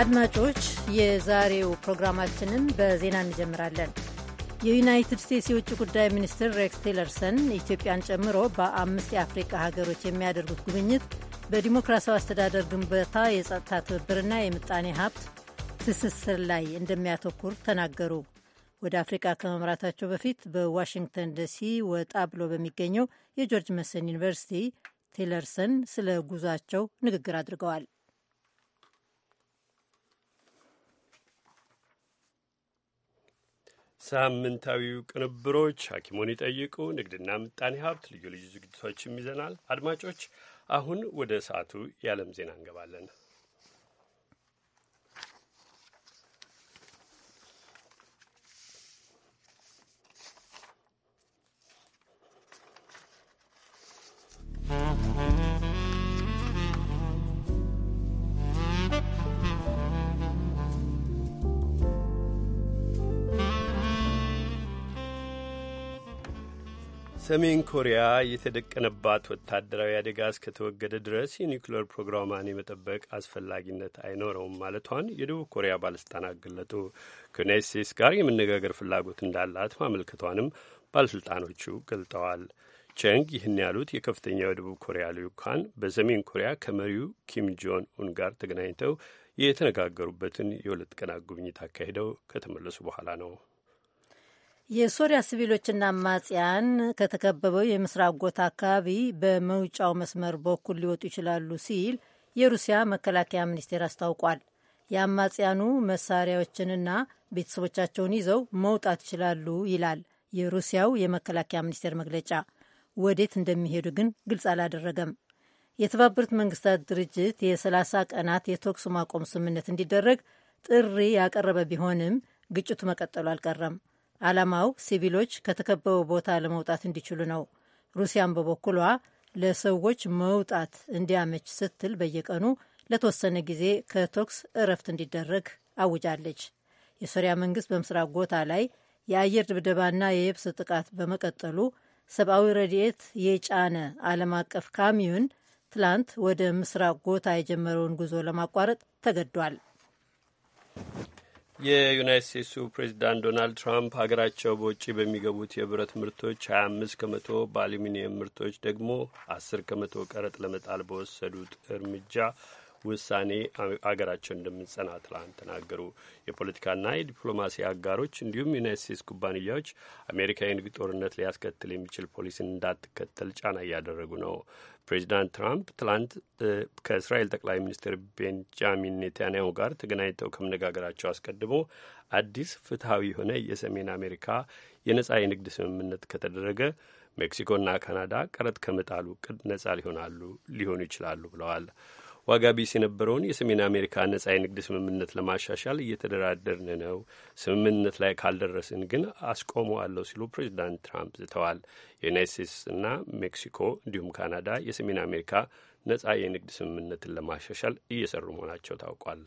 አድማጮች የዛሬው ፕሮግራማችንን በዜና እንጀምራለን። የዩናይትድ ስቴትስ የውጭ ጉዳይ ሚኒስትር ሬክስ ቲለርሰን ኢትዮጵያን ጨምሮ በአምስት የአፍሪቃ ሀገሮች የሚያደርጉት ጉብኝት በዲሞክራሲያዊ አስተዳደር ግንባታ፣ የጸጥታ ትብብርና የምጣኔ ሀብት ትስስር ላይ እንደሚያተኩር ተናገሩ። ወደ አፍሪቃ ከመምራታቸው በፊት በዋሽንግተን ዲሲ ወጣ ብሎ በሚገኘው የጆርጅ መሰን ዩኒቨርሲቲ ቲለርሰን ስለ ጉዟቸው ንግግር አድርገዋል። ሳምንታዊው ቅንብሮች ሀኪሙን ይጠይቁ፣ ንግድና ምጣኔ ሀብት፣ ልዩ ልዩ ዝግጅቶችም ይዘናል። አድማጮች፣ አሁን ወደ ሰዓቱ የዓለም ዜና እንገባለን። ሰሜን ኮሪያ የተደቀነባት ወታደራዊ አደጋ እስከተወገደ ድረስ የኒውክሌር ፕሮግራሟን የመጠበቅ አስፈላጊነት አይኖረውም ማለቷን የደቡብ ኮሪያ ባለስልጣናት ገለጡ። ከዩናይት ስቴትስ ጋር የመነጋገር ፍላጎት እንዳላት ማመልከቷንም ባለስልጣኖቹ ገልጠዋል። ቸንግ ይህን ያሉት የከፍተኛው የደቡብ ኮሪያ ልዑካን በሰሜን ኮሪያ ከመሪው ኪም ጆን ኡን ጋር ተገናኝተው የተነጋገሩበትን የሁለት ቀናት ጉብኝት አካሂደው ከተመለሱ በኋላ ነው። የሶሪያ ሲቪሎችና አማጽያን ከተከበበው የምስራቅ ጎታ አካባቢ በመውጫው መስመር በኩል ሊወጡ ይችላሉ ሲል የሩሲያ መከላከያ ሚኒስቴር አስታውቋል። የአማጽያኑ መሳሪያዎችንና ቤተሰቦቻቸውን ይዘው መውጣት ይችላሉ ይላል የሩሲያው የመከላከያ ሚኒስቴር መግለጫ። ወዴት እንደሚሄዱ ግን ግልጽ አላደረገም። የተባበሩት መንግስታት ድርጅት የ30 ቀናት የተኩስ ማቆም ስምምነት እንዲደረግ ጥሪ ያቀረበ ቢሆንም ግጭቱ መቀጠሉ አልቀረም። ዓላማው ሲቪሎች ከተከበበ ቦታ ለመውጣት እንዲችሉ ነው። ሩሲያን በበኩሏ ለሰዎች መውጣት እንዲያመች ስትል በየቀኑ ለተወሰነ ጊዜ ከተኩስ እረፍት እንዲደረግ አውጃለች። የሶሪያ መንግስት በምስራቅ ጎታ ላይ የአየር ድብደባና የየብስ ጥቃት በመቀጠሉ ሰብአዊ ረድኤት የጫነ ዓለም አቀፍ ካሚዮን ትላንት ወደ ምስራቅ ጎታ የጀመረውን ጉዞ ለማቋረጥ ተገዷል። የዩናይት ስቴትሱ ፕሬዚዳንት ዶናልድ ትራምፕ ሀገራቸው በውጭ በሚገቡት የብረት ምርቶች 25 ከመቶ፣ በአሉሚኒየም ምርቶች ደግሞ 10 ከመቶ ቀረጥ ለመጣል በወሰዱት እርምጃ ውሳኔ አገራቸው እንደምንጸና ትላንት ተናገሩ። የፖለቲካና የዲፕሎማሲ አጋሮች እንዲሁም ዩናይት ስቴትስ ኩባንያዎች አሜሪካ የንግድ ጦርነት ሊያስከትል የሚችል ፖሊሲን እንዳትከተል ጫና እያደረጉ ነው። ፕሬዚዳንት ትራምፕ ትላንት ከእስራኤል ጠቅላይ ሚኒስትር ቤንጃሚን ኔታንያሁ ጋር ተገናኝተው ከመነጋገራቸው አስቀድሞ አዲስ ፍትሐዊ የሆነ የሰሜን አሜሪካ የነጻ የንግድ ስምምነት ከተደረገ ሜክሲኮና ካናዳ ቀረጥ ከመጣሉ ቅድ ነጻ ሊሆናሉ ሊሆኑ ይችላሉ ብለዋል። ዋጋ ቢስ የነበረውን የሰሜን አሜሪካ ነጻ የንግድ ስምምነት ለማሻሻል እየተደራደርን ነው፣ ስምምነት ላይ ካልደረስን ግን አስቆመዋለሁ ሲሉ ፕሬዚዳንት ትራምፕ ዝተዋል። የዩናይት ስቴትስና ሜክሲኮ እንዲሁም ካናዳ የሰሜን አሜሪካ ነጻ የንግድ ስምምነትን ለማሻሻል እየሰሩ መሆናቸው ታውቋል።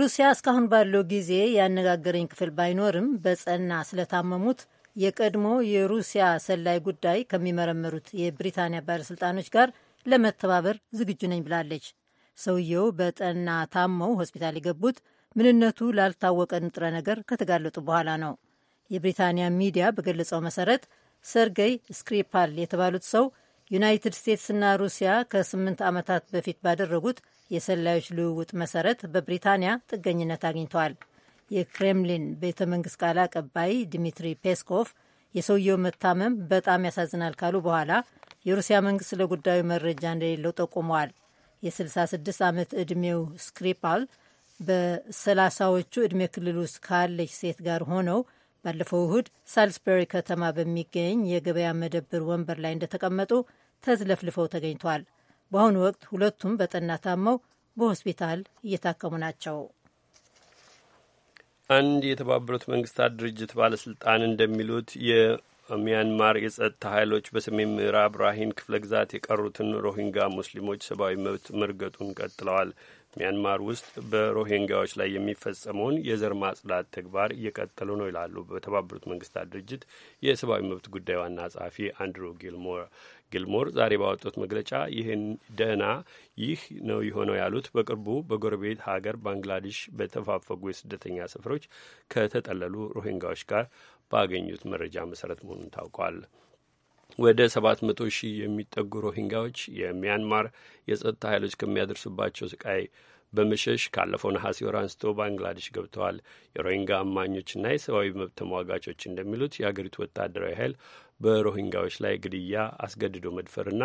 ሩሲያ እስካሁን ባለው ጊዜ ያነጋገረኝ ክፍል ባይኖርም በጸና ስለታመሙት የቀድሞ የሩሲያ ሰላይ ጉዳይ ከሚመረምሩት የብሪታንያ ባለሥልጣኖች ጋር ለመተባበር ዝግጁ ነኝ ብላለች። ሰውየው በጠና ታመው ሆስፒታል የገቡት ምንነቱ ላልታወቀ ንጥረ ነገር ከተጋለጡ በኋላ ነው። የብሪታንያ ሚዲያ በገለጸው መሰረት ሰርገይ ስክሪፓል የተባሉት ሰው ዩናይትድ ስቴትስና ሩሲያ ከስምንት ዓመታት በፊት ባደረጉት የሰላዮች ልውውጥ መሰረት በብሪታንያ ጥገኝነት አግኝተዋል። የክሬምሊን ቤተ መንግስት ቃል አቀባይ ዲሚትሪ ፔስኮቭ የሰውየው መታመም በጣም ያሳዝናል ካሉ በኋላ የሩሲያ መንግስት ለጉዳዩ መረጃ እንደሌለው ጠቁመዋል። የ66 ዓመት ዕድሜው ስክሪፓል በሰላሳዎቹ ዕድሜ ክልል ውስጥ ካለች ሴት ጋር ሆነው ባለፈው እሁድ ሳልስበሪ ከተማ በሚገኝ የገበያ መደብር ወንበር ላይ እንደተቀመጡ ተዝለፍልፈው ተገኝቷል። በአሁኑ ወቅት ሁለቱም በጠና ታመው በሆስፒታል እየታከሙ ናቸው። አንድ የተባበሩት መንግስታት ድርጅት ባለስልጣን እንደሚሉት ሚያንማር የጸጥታ ኃይሎች በሰሜን ምዕራብ ራሂን ክፍለ ግዛት የቀሩትን ሮሂንጋ ሙስሊሞች ሰብአዊ መብት መርገጡን ቀጥለዋል። ሚያንማር ውስጥ በሮሂንጋዎች ላይ የሚፈጸመውን የዘር ማጽዳት ተግባር እየቀጠሉ ነው ይላሉ በተባበሩት መንግስታት ድርጅት የሰብአዊ መብት ጉዳይ ዋና ጸሐፊ አንድሮ ጊልሞር። ግልሞር ዛሬ ባወጡት መግለጫ ይህን ደህና ይህ ነው የሆነው ያሉት በቅርቡ በጎረቤት ሀገር ባንግላዴሽ በተፋፈጉ የስደተኛ ስፍሮች ከተጠለሉ ሮሂንጋዎች ጋር ባገኙት መረጃ መሰረት መሆኑን ታውቋል። ወደ መቶ ሺህ የሚጠጉ ሮሂንጋዎች የሚያንማር የጸጥታ ኃይሎች ከሚያደርሱባቸው ስቃይ በመሸሽ ካለፈው ነሐሴ ወር አንስቶ ባንግላዴሽ ገብተዋል። የሮሂንጋ አማኞችና የሰብአዊ መብት ተሟጋቾች እንደሚሉት የአገሪቱ ወታደራዊ ኃይል በሮሂንጋዎች ላይ ግድያ፣ አስገድዶ መድፈርና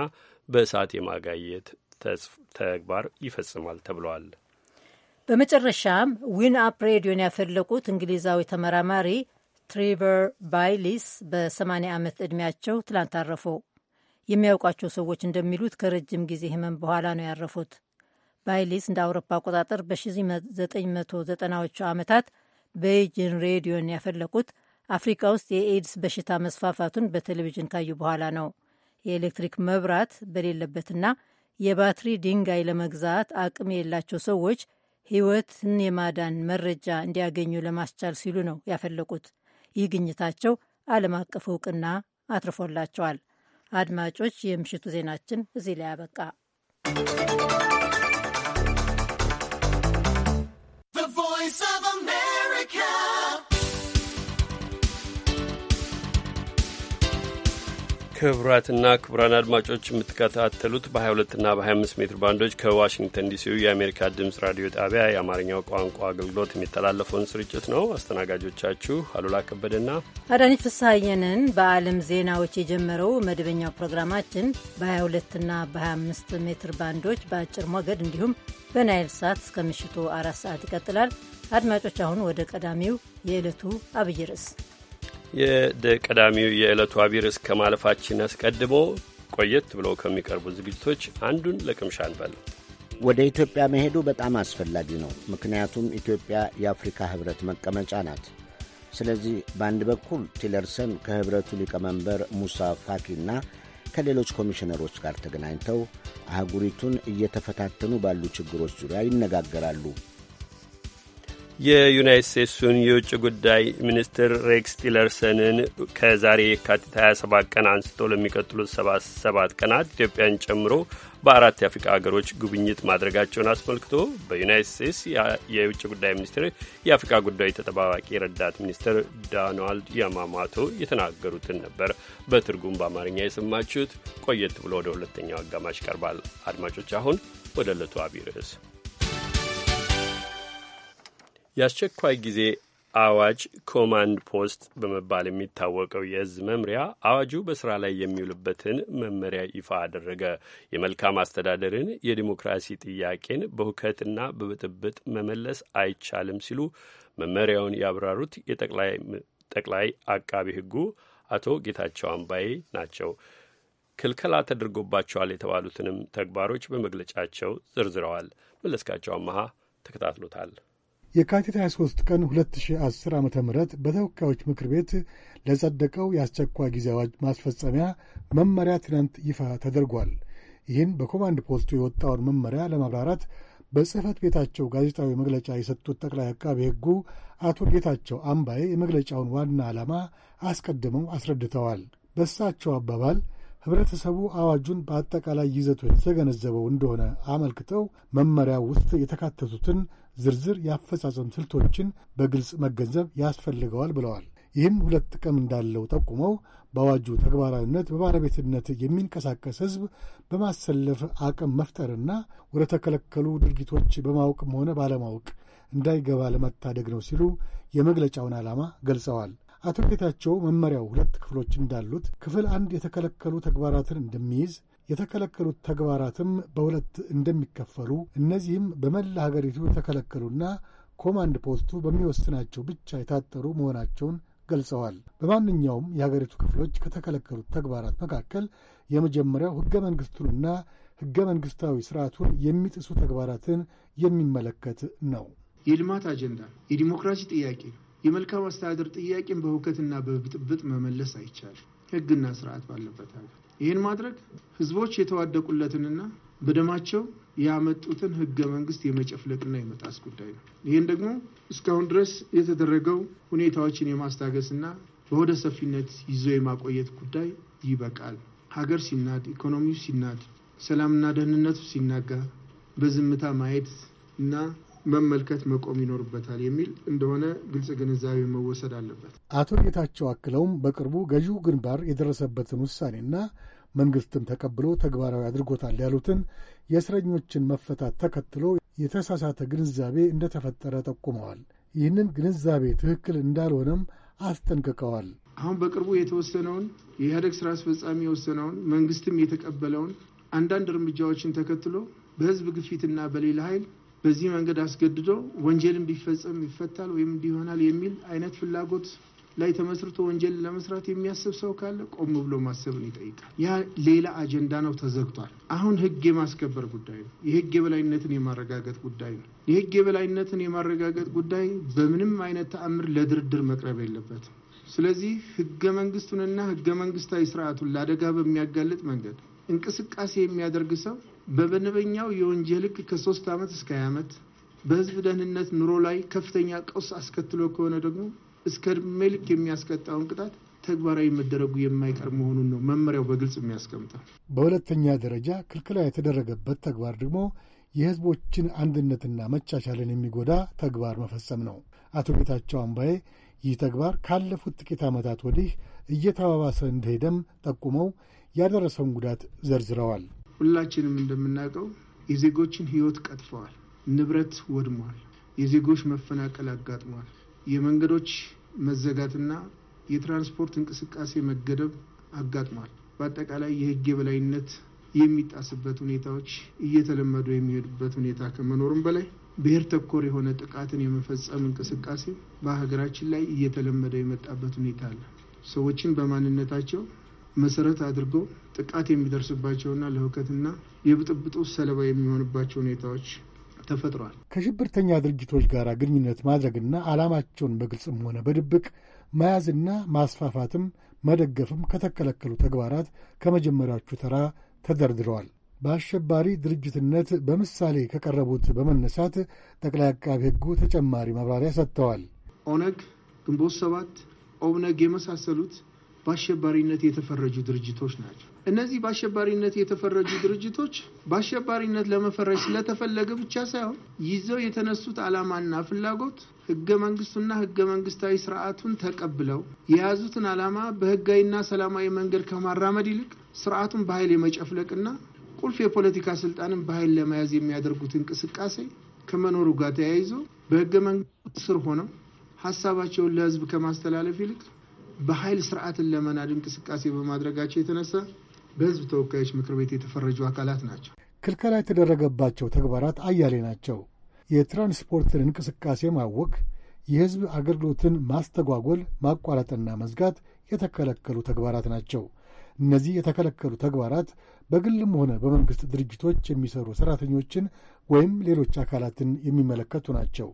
በእሳት የማጋየት ተግባር ይፈጽማል ተብለዋል። በመጨረሻም ዊን አፕ ሬዲዮን ያፈለቁት እንግሊዛዊ ተመራማሪ ትሪቨር ባይሊስ በ80 ዓመት ዕድሜያቸው ትላንት አረፉ። የሚያውቋቸው ሰዎች እንደሚሉት ከረጅም ጊዜ ህመም በኋላ ነው ያረፉት። ቫይሊስ እንደ አውሮፓ አቆጣጠር በ1990ዎቹ ዓመታት በቤይጂን ሬዲዮን ያፈለቁት አፍሪካ ውስጥ የኤድስ በሽታ መስፋፋቱን በቴሌቪዥን ካዩ በኋላ ነው። የኤሌክትሪክ መብራት በሌለበትና የባትሪ ድንጋይ ለመግዛት አቅም የሌላቸው ሰዎች ሕይወትን የማዳን መረጃ እንዲያገኙ ለማስቻል ሲሉ ነው ያፈለቁት። ይህ ግኝታቸው ዓለም አቀፍ እውቅና አትርፎላቸዋል። አድማጮች፣ የምሽቱ ዜናችን እዚህ ላይ አበቃ። Voice of America. ክቡራትና ክቡራን አድማጮች የምትከታተሉት በ22ና በ25 ሜትር ባንዶች ከዋሽንግተን ዲሲው የአሜሪካ ድምፅ ራዲዮ ጣቢያ የአማርኛው ቋንቋ አገልግሎት የሚተላለፈውን ስርጭት ነው። አስተናጋጆቻችሁ አሉላ ከበደና አዳነች ፍስሐየንን። በዓለም ዜናዎች የጀመረው መደበኛው ፕሮግራማችን በ22ና በ25 ሜትር ባንዶች በአጭር ሞገድ እንዲሁም በናይል ሳት እስከ ምሽቱ አራት ሰዓት ይቀጥላል። አድማጮች፣ አሁን ወደ ቀዳሚው የዕለቱ አብይ ርዕስ የደ ቀዳሚው የዕለቱ አብይ ርዕስ ከማለፋችን አስቀድሞ ቆየት ብለው ከሚቀርቡ ዝግጅቶች አንዱን ለቅምሻ እንበል። ወደ ኢትዮጵያ መሄዱ በጣም አስፈላጊ ነው። ምክንያቱም ኢትዮጵያ የአፍሪካ ህብረት መቀመጫ ናት። ስለዚህ በአንድ በኩል ቲለርሰን ከህብረቱ ሊቀመንበር ሙሳ ፋኪና ከሌሎች ኮሚሽነሮች ጋር ተገናኝተው አህጉሪቱን እየተፈታተኑ ባሉ ችግሮች ዙሪያ ይነጋገራሉ። የዩናይት ስቴትሱን የውጭ ጉዳይ ሚኒስትር ሬክስ ቲለርሰንን ከዛሬ የካቲት 27 ቀን አንስቶ ለሚቀጥሉት ሰባት ቀናት ኢትዮጵያን ጨምሮ በአራት የአፍሪካ ሀገሮች ጉብኝት ማድረጋቸውን አስመልክቶ በዩናይት ስቴትስ የውጭ ጉዳይ ሚኒስትር የአፍሪካ ጉዳይ ተጠባባቂ ረዳት ሚኒስትር ዶናልድ ያማማቶ የተናገሩትን ነበር በትርጉም በአማርኛ የሰማችሁት። ቆየት ብሎ ወደ ሁለተኛው አጋማሽ ይቀርባል። አድማጮች፣ አሁን ወደ ዕለቱ አብይ ርዕስ የአስቸኳይ ጊዜ አዋጅ ኮማንድ ፖስት በመባል የሚታወቀው የእዝ መምሪያ አዋጁ በስራ ላይ የሚውልበትን መመሪያ ይፋ አደረገ። የመልካም አስተዳደርን የዲሞክራሲ ጥያቄን በሁከትና በብጥብጥ መመለስ አይቻልም ሲሉ መመሪያውን ያብራሩት የጠቅላይ አቃቢ ሕጉ አቶ ጌታቸው አምባዬ ናቸው። ክልከላ ተደርጎባቸዋል የተባሉትንም ተግባሮች በመግለጫቸው ዘርዝረዋል። መለስካቸው አመሃ ተከታትሎታል። የካቲት 23 ቀን 2010 ዓ ም በተወካዮች ምክር ቤት ለጸደቀው የአስቸኳይ ጊዜ አዋጅ ማስፈጸሚያ መመሪያ ትናንት ይፋ ተደርጓል። ይህን በኮማንድ ፖስቱ የወጣውን መመሪያ ለማብራራት በጽህፈት ቤታቸው ጋዜጣዊ መግለጫ የሰጡት ጠቅላይ አቃቤ ሕጉ አቶ ጌታቸው አምባዬ የመግለጫውን ዋና ዓላማ አስቀድመው አስረድተዋል። በእሳቸው አባባል ህብረተሰቡ አዋጁን በአጠቃላይ ይዘቱ የተገነዘበው እንደሆነ አመልክተው መመሪያው ውስጥ የተካተቱትን ዝርዝር የአፈጻጸም ስልቶችን በግልጽ መገንዘብ ያስፈልገዋል ብለዋል። ይህም ሁለት ጥቅም እንዳለው ጠቁመው በአዋጁ ተግባራዊነት በባለቤትነት የሚንቀሳቀስ ህዝብ በማሰለፍ አቅም መፍጠርና ወደ ተከለከሉ ድርጊቶች በማወቅም ሆነ ባለማወቅ እንዳይገባ ለመታደግ ነው ሲሉ የመግለጫውን ዓላማ ገልጸዋል። አቶ ጌታቸው መመሪያው ሁለት ክፍሎች እንዳሉት ክፍል አንድ የተከለከሉ ተግባራትን እንደሚይዝ የተከለከሉት ተግባራትም በሁለት እንደሚከፈሉ እነዚህም በመላ ሀገሪቱ የተከለከሉና ኮማንድ ፖስቱ በሚወስናቸው ብቻ የታጠሩ መሆናቸውን ገልጸዋል። በማንኛውም የሀገሪቱ ክፍሎች ከተከለከሉት ተግባራት መካከል የመጀመሪያው ሕገ መንግሥቱንና ሕገ መንግሥታዊ ሥርዓቱን የሚጥሱ ተግባራትን የሚመለከት ነው። የልማት አጀንዳ የዲሞክራሲ ጥያቄ የመልካም አስተዳደር ጥያቄን በሁከትና በብጥብጥ መመለስ አይቻልም። ህግና ስርዓት ባለበት ሀገር ይህን ማድረግ ህዝቦች የተዋደቁለትንና በደማቸው ያመጡትን ህገ መንግስት የመጨፍለቅና የመጣስ ጉዳይ ነው። ይህን ደግሞ እስካሁን ድረስ የተደረገው ሁኔታዎችን የማስታገስና በወደ ሰፊነት ይዞ የማቆየት ጉዳይ ይበቃል። ሀገር ሲናድ፣ ኢኮኖሚው ሲናድ፣ ሰላምና ደህንነቱ ሲናጋ በዝምታ ማየት እና መመልከት መቆም ይኖርበታል የሚል እንደሆነ ግልጽ ግንዛቤ መወሰድ አለበት። አቶ ጌታቸው አክለውም በቅርቡ ገዢው ግንባር የደረሰበትን ውሳኔና መንግስትም ተቀብሎ ተግባራዊ አድርጎታል ያሉትን የእስረኞችን መፈታት ተከትሎ የተሳሳተ ግንዛቤ እንደተፈጠረ ጠቁመዋል። ይህንን ግንዛቤ ትክክል እንዳልሆነም አስጠንቅቀዋል። አሁን በቅርቡ የተወሰነውን የኢህአደግ ስራ አስፈጻሚ የወሰነውን መንግስትም የተቀበለውን አንዳንድ እርምጃዎችን ተከትሎ በህዝብ ግፊትና በሌላ ኃይል በዚህ መንገድ አስገድዶ ወንጀልን ቢፈጸም ይፈታል ወይም እንዲሆናል የሚል አይነት ፍላጎት ላይ ተመስርቶ ወንጀል ለመስራት የሚያስብ ሰው ካለ ቆም ብሎ ማሰብን ይጠይቃል። ያ ሌላ አጀንዳ ነው፣ ተዘግቷል። አሁን ህግ የማስከበር ጉዳይ ነው። የህግ የበላይነትን የማረጋገጥ ጉዳይ ነው። የህግ የበላይነትን የማረጋገጥ ጉዳይ በምንም አይነት ተአምር ለድርድር መቅረብ የለበትም። ስለዚህ ህገ መንግስቱንና ህገ መንግስታዊ ስርዓቱን ለአደጋ በሚያጋልጥ መንገድ እንቅስቃሴ የሚያደርግ ሰው በመደበኛው የወንጀል ህግ ከሶስት ዓመት እስከ ሀያ ዓመት በህዝብ ደህንነት ኑሮ ላይ ከፍተኛ ቀውስ አስከትሎ ከሆነ ደግሞ እስከ እድሜ ልክ የሚያስቀጣውን ቅጣት ተግባራዊ መደረጉ የማይቀር መሆኑን ነው መመሪያው በግልጽ የሚያስቀምጠው። በሁለተኛ ደረጃ ክልክላ የተደረገበት ተግባር ደግሞ የህዝቦችን አንድነትና መቻቻልን የሚጎዳ ተግባር መፈጸም ነው። አቶ ጌታቸው አምባዬ ይህ ተግባር ካለፉት ጥቂት ዓመታት ወዲህ እየተባባሰ እንደሄደም ጠቁመው ያደረሰውን ጉዳት ዘርዝረዋል። ሁላችንም እንደምናውቀው የዜጎችን ህይወት ቀጥፈዋል፣ ንብረት ወድሟል፣ የዜጎች መፈናቀል አጋጥሟል። የመንገዶች መዘጋትና የትራንስፖርት እንቅስቃሴ መገደብ አጋጥሟል። በአጠቃላይ የህግ የበላይነት የሚጣስበት ሁኔታዎች እየተለመዱ የሚሄዱበት ሁኔታ ከመኖሩም በላይ ብሔር ተኮር የሆነ ጥቃትን የመፈጸም እንቅስቃሴ በሀገራችን ላይ እየተለመደ የመጣበት ሁኔታ አለ። ሰዎችን በማንነታቸው መሰረት አድርገው ጥቃት የሚደርስባቸውና ለሁከትና የብጥብጡ ሰለባ የሚሆንባቸው ሁኔታዎች ተፈጥሯል። ከሽብርተኛ ድርጅቶች ጋር ግንኙነት ማድረግና ዓላማቸውን በግልጽም ሆነ በድብቅ መያዝና ማስፋፋትም መደገፍም ከተከለከሉ ተግባራት ከመጀመሪያዎቹ ተራ ተደርድረዋል። በአሸባሪ ድርጅትነት በምሳሌ ከቀረቡት በመነሳት ጠቅላይ አቃቢ ሕጉ ተጨማሪ ማብራሪያ ሰጥተዋል። ኦነግ፣ ግንቦት ሰባት፣ ኦብነግ የመሳሰሉት በአሸባሪነት የተፈረጁ ድርጅቶች ናቸው። እነዚህ በአሸባሪነት የተፈረጁ ድርጅቶች በአሸባሪነት ለመፈረጅ ስለተፈለገ ብቻ ሳይሆን ይዘው የተነሱት ዓላማና ፍላጎት ህገ መንግስቱና ህገ መንግስታዊ ስርዓቱን ተቀብለው የያዙትን ዓላማ በህጋዊና ሰላማዊ መንገድ ከማራመድ ይልቅ ስርዓቱን በኃይል የመጨፍለቅና ቁልፍ የፖለቲካ ስልጣንን በኃይል ለመያዝ የሚያደርጉት እንቅስቃሴ ከመኖሩ ጋር ተያይዞ በህገ መንግስቱ ስር ሆነው ሀሳባቸውን ለህዝብ ከማስተላለፍ ይልቅ በኃይል ስርዓትን ለመናድ እንቅስቃሴ በማድረጋቸው የተነሳ በህዝብ ተወካዮች ምክር ቤት የተፈረጁ አካላት ናቸው። ክልከላ የተደረገባቸው ተግባራት አያሌ ናቸው። የትራንስፖርትን እንቅስቃሴ ማወክ፣ የህዝብ አገልግሎትን ማስተጓጎል፣ ማቋረጥና መዝጋት የተከለከሉ ተግባራት ናቸው። እነዚህ የተከለከሉ ተግባራት በግልም ሆነ በመንግሥት ድርጅቶች የሚሰሩ ሠራተኞችን ወይም ሌሎች አካላትን የሚመለከቱ ናቸው።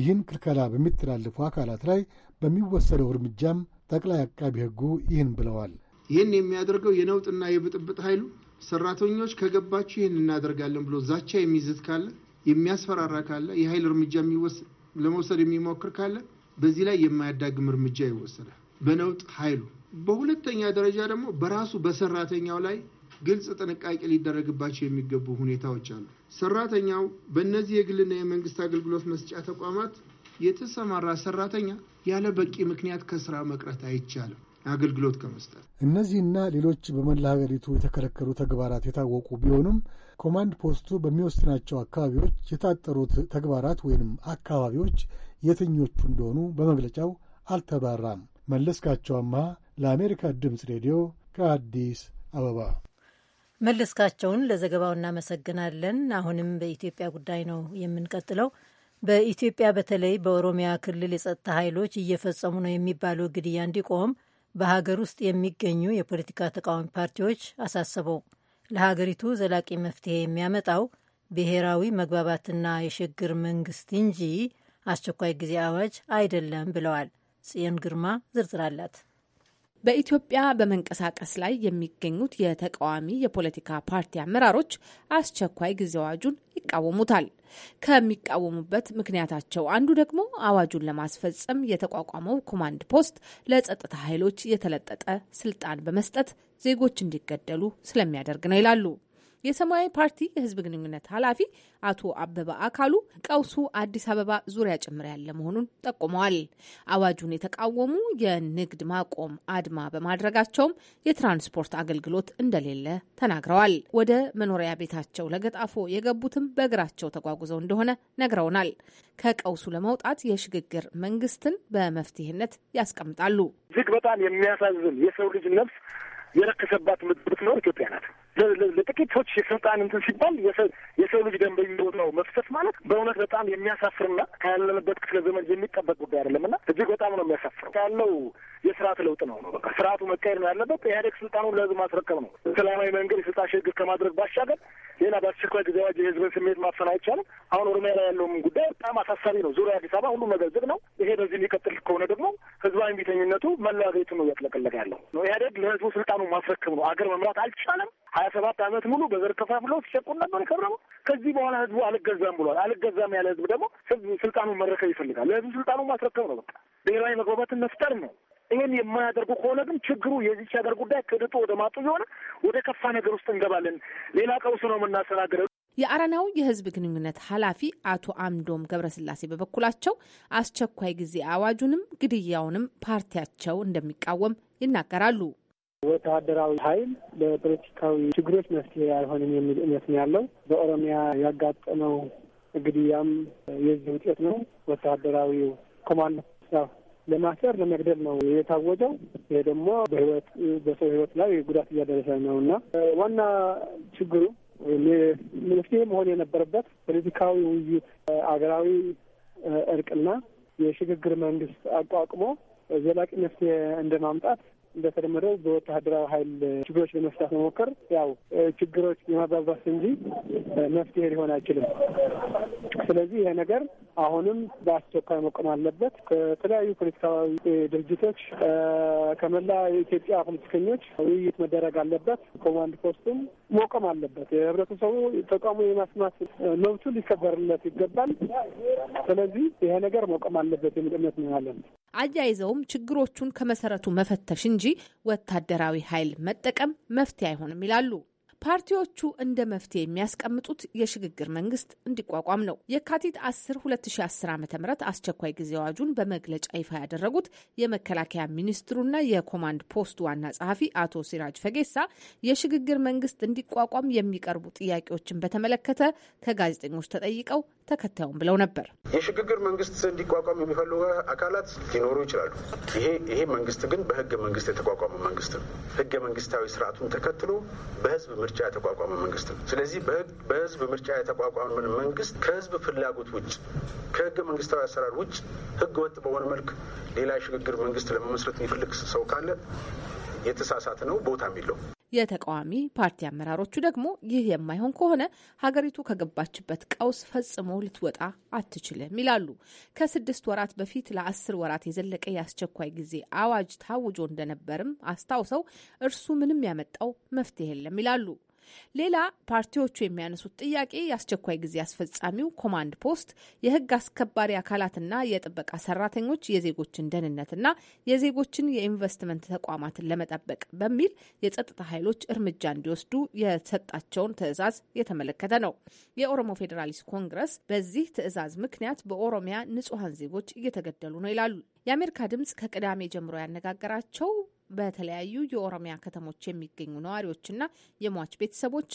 ይህን ክልከላ በሚተላለፉ አካላት ላይ በሚወሰደው እርምጃም ጠቅላይ አቃቢ ሕጉ ይህን ብለዋል። ይህን የሚያደርገው የነውጥና የብጥብጥ ኃይሉ ሰራተኞች ከገባችሁ ይህን እናደርጋለን ብሎ ዛቻ የሚይዝት ካለ፣ የሚያስፈራራ ካለ፣ የኃይል እርምጃ ለመውሰድ የሚሞክር ካለ በዚህ ላይ የማያዳግም እርምጃ ይወሰዳል በነውጥ ኃይሉ። በሁለተኛ ደረጃ ደግሞ በራሱ በሰራተኛው ላይ ግልጽ ጥንቃቄ ሊደረግባቸው የሚገቡ ሁኔታዎች አሉ። ሰራተኛው በእነዚህ የግልና የመንግስት አገልግሎት መስጫ ተቋማት የተሰማራ ሰራተኛ ያለ በቂ ምክንያት ከስራ መቅረት አይቻልም። አገልግሎት ከመስጠት እነዚህና ሌሎች በመላ ሀገሪቱ የተከለከሉ ተግባራት የታወቁ ቢሆኑም ኮማንድ ፖስቱ በሚወስናቸው አካባቢዎች የታጠሩት ተግባራት ወይንም አካባቢዎች የትኞቹ እንደሆኑ በመግለጫው አልተባራም። መለስካቸው አማሃ ለአሜሪካ ድምፅ ሬዲዮ ከአዲስ አበባ። መለስካቸውን ለዘገባው እናመሰግናለን። አሁንም በኢትዮጵያ ጉዳይ ነው የምንቀጥለው። በኢትዮጵያ በተለይ በኦሮሚያ ክልል የጸጥታ ኃይሎች እየፈጸሙ ነው የሚባለው ግድያ እንዲቆም በሀገር ውስጥ የሚገኙ የፖለቲካ ተቃዋሚ ፓርቲዎች አሳሰበው። ለሀገሪቱ ዘላቂ መፍትሄ የሚያመጣው ብሔራዊ መግባባትና የሽግግር መንግስት እንጂ አስቸኳይ ጊዜ አዋጅ አይደለም ብለዋል። ጽዮን ግርማ ዝርዝር አላት። በኢትዮጵያ በመንቀሳቀስ ላይ የሚገኙት የተቃዋሚ የፖለቲካ ፓርቲ አመራሮች አስቸኳይ ጊዜ አዋጁን ይቃወሙታል። ከሚቃወሙበት ምክንያታቸው አንዱ ደግሞ አዋጁን ለማስፈጸም የተቋቋመው ኮማንድ ፖስት ለጸጥታ ኃይሎች የተለጠጠ ስልጣን በመስጠት ዜጎች እንዲገደሉ ስለሚያደርግ ነው ይላሉ። የሰማያዊ ፓርቲ የህዝብ ግንኙነት ኃላፊ አቶ አበበ አካሉ ቀውሱ አዲስ አበባ ዙሪያ ጭምር ያለ መሆኑን ጠቁመዋል። አዋጁን የተቃወሙ የንግድ ማቆም አድማ በማድረጋቸውም የትራንስፖርት አገልግሎት እንደሌለ ተናግረዋል። ወደ መኖሪያ ቤታቸው ለገጣፎ የገቡትም በእግራቸው ተጓጉዘው እንደሆነ ነግረውናል። ከቀውሱ ለመውጣት የሽግግር መንግስትን በመፍትሄነት ያስቀምጣሉ። እጅግ በጣም የሚያሳዝን የሰው ልጅ ነፍስ የረከሰባት ምድር ብትኖር ኢትዮጵያ ናት። ለጥቂቶች የስልጣን እንትን ሲባል የሰው ልጅ ደም ነው መፍሰስ ማለት በእውነት በጣም የሚያሳፍርና ከያለንበት ክፍለ ዘመን የሚጠበቅ ጉዳይ አይደለም እና እጅግ በጣም ነው የሚያሳፍር ያለው የስርዓት ለውጥ ነው ነው በቃ ስርዓቱ መካሄድ ነው ያለበት። ኢህአዴግ ስልጣኑን ለህዝብ ማስረከብ ነው። ሰላማዊ መንገድ የስልጣን ሽግግር ከማድረግ ባሻገር ሌላ በአስቸኳይ ጊዜ አዋጅ የህዝብን ስሜት ማፈን አይቻልም። አሁን ኦሮሚያ ላይ ያለውም ጉዳይ በጣም አሳሳቢ ነው። ዙሪያ አዲስ አበባ ሁሉም ነገር ዝግ ነው። ይሄ በዚህ የሚቀጥል ከሆነ ደግሞ ህዝባዊ ቢተኝነቱ መለዋዜቱ ነው እያጥለቀለቀ ያለው ነው። ኢህአዴግ ለህዝቡ ስልጣኑን ማስረከብ ነው። አገር መምራት አልቻለም። ሀያ ሰባት አመት ሙሉ በዘር ከፋፍለው ሲጨቁን ነበር የከረመው። ከዚህ በኋላ ህዝቡ አልገዛም ብሏል። አልገዛም ያለ ህዝብ ደግሞ ህዝብ ስልጣኑን መረከብ ይፈልጋል። ለህዝብ ስልጣኑ ማስረከብ ነው። በቃ ብሔራዊ መግባባትን መፍጠር ነው። ይህን የማያደርጉ ከሆነ ግን ችግሩ የዚች ሀገር ጉዳይ ከድጡ ወደ ማጡ የሆነ ወደ ከፋ ነገር ውስጥ እንገባለን። ሌላ ቀውስ ነው የምናስተናግደው። የአረናው የህዝብ ግንኙነት ኃላፊ አቶ አምዶም ገብረስላሴ በበኩላቸው አስቸኳይ ጊዜ አዋጁንም ግድያውንም ፓርቲያቸው እንደሚቃወም ይናገራሉ። ወታደራዊ ኃይል ለፖለቲካዊ ችግሮች መፍትሄ አይሆንም የሚል እምነት ነው ያለው። በኦሮሚያ ያጋጠመው ግድያም የዚህ ውጤት ነው። ወታደራዊው ኮማንዶ ያው ለማሰር ለመግደል ነው የታወጀው። ይሄ ደግሞ በህይወት በሰው ህይወት ላይ ጉዳት እያደረሰ ነው እና ዋና ችግሩ መፍትሄ መሆን የነበረበት ፖለቲካዊ ውይይት፣ አገራዊ እርቅና የሽግግር መንግስት አቋቁሞ ዘላቂ መፍትሄ እንደማምጣት እንደተለመደው በወታደራዊ ኃይል ችግሮች ለመፍታት መሞከር ያው ችግሮች የማባባስ እንጂ መፍትሄ ሊሆን አይችልም። ስለዚህ ይሄ ነገር አሁንም በአስቸኳይ መቆም አለበት። ከተለያዩ ፖለቲካዊ ድርጅቶች ከመላ የኢትዮጵያ ፖለቲከኞች ውይይት መደረግ አለበት። ኮማንድ ፖስቱም መቆም አለበት። የህብረተሰቡ ተቃውሞ የማስማት መብቱ ሊከበርለት ይገባል። ስለዚህ ይሄ ነገር መቆም አለበት የሚል እምነት ነው ያለን። አያይዘውም ችግሮቹን ከመሰረቱ መፈተሽ እንጂ ወታደራዊ ኃይል መጠቀም መፍትሄ አይሆንም ይላሉ። ፓርቲዎቹ እንደ መፍትሄ የሚያስቀምጡት የሽግግር መንግስት እንዲቋቋም ነው። የካቲት 10 2010 ዓ ም አስቸኳይ ጊዜ አዋጁን በመግለጫ ይፋ ያደረጉት የመከላከያ ሚኒስትሩና የኮማንድ ፖስቱ ዋና ጸሐፊ አቶ ሲራጅ ፈጌሳ የሽግግር መንግስት እንዲቋቋም የሚቀርቡ ጥያቄዎችን በተመለከተ ከጋዜጠኞች ተጠይቀው ተከታዩም ብለው ነበር። የሽግግር መንግስት እንዲቋቋም የሚፈልጉ አካላት ሊኖሩ ይችላሉ። ይሄ መንግስት ግን በህገ መንግስት የተቋቋመ መንግስት ነው። ህገ መንግስታዊ ስርዓቱን ተከትሎ በህዝብ ምርጫ የተቋቋመ መንግስት ነው። ስለዚህ በህዝብ ምርጫ የተቋቋመን መንግስት ከህዝብ ፍላጎት ውጭ ከህገ መንግስታዊ አሰራር ውጭ ህገ ወጥ በሆነ መልክ ሌላ የሽግግር መንግስት ለመመስረት የሚፈልግ ሰው ካለ የተሳሳተ ነው ቦታ የሚለው የተቃዋሚ ፓርቲ አመራሮቹ ደግሞ ይህ የማይሆን ከሆነ ሀገሪቱ ከገባችበት ቀውስ ፈጽሞ ልትወጣ አትችልም ይላሉ። ከስድስት ወራት በፊት ለአስር ወራት የዘለቀ የአስቸኳይ ጊዜ አዋጅ ታውጆ እንደነበርም አስታውሰው እርሱ ምንም ያመጣው መፍትሄ የለም ይላሉ። ሌላ ፓርቲዎቹ የሚያነሱት ጥያቄ የአስቸኳይ ጊዜ አስፈጻሚው ኮማንድ ፖስት የህግ አስከባሪ አካላትና የጥበቃ ሰራተኞች የዜጎችን ደህንነትና የዜጎችን የኢንቨስትመንት ተቋማትን ለመጠበቅ በሚል የጸጥታ ኃይሎች እርምጃ እንዲወስዱ የሰጣቸውን ትዕዛዝ የተመለከተ ነው። የኦሮሞ ፌዴራሊስት ኮንግረስ በዚህ ትዕዛዝ ምክንያት በኦሮሚያ ንጹሐን ዜጎች እየተገደሉ ነው ይላሉ። የአሜሪካ ድምጽ ከቅዳሜ ጀምሮ ያነጋገራቸው በተለያዩ የኦሮሚያ ከተሞች የሚገኙ ነዋሪዎችና የሟች ቤተሰቦች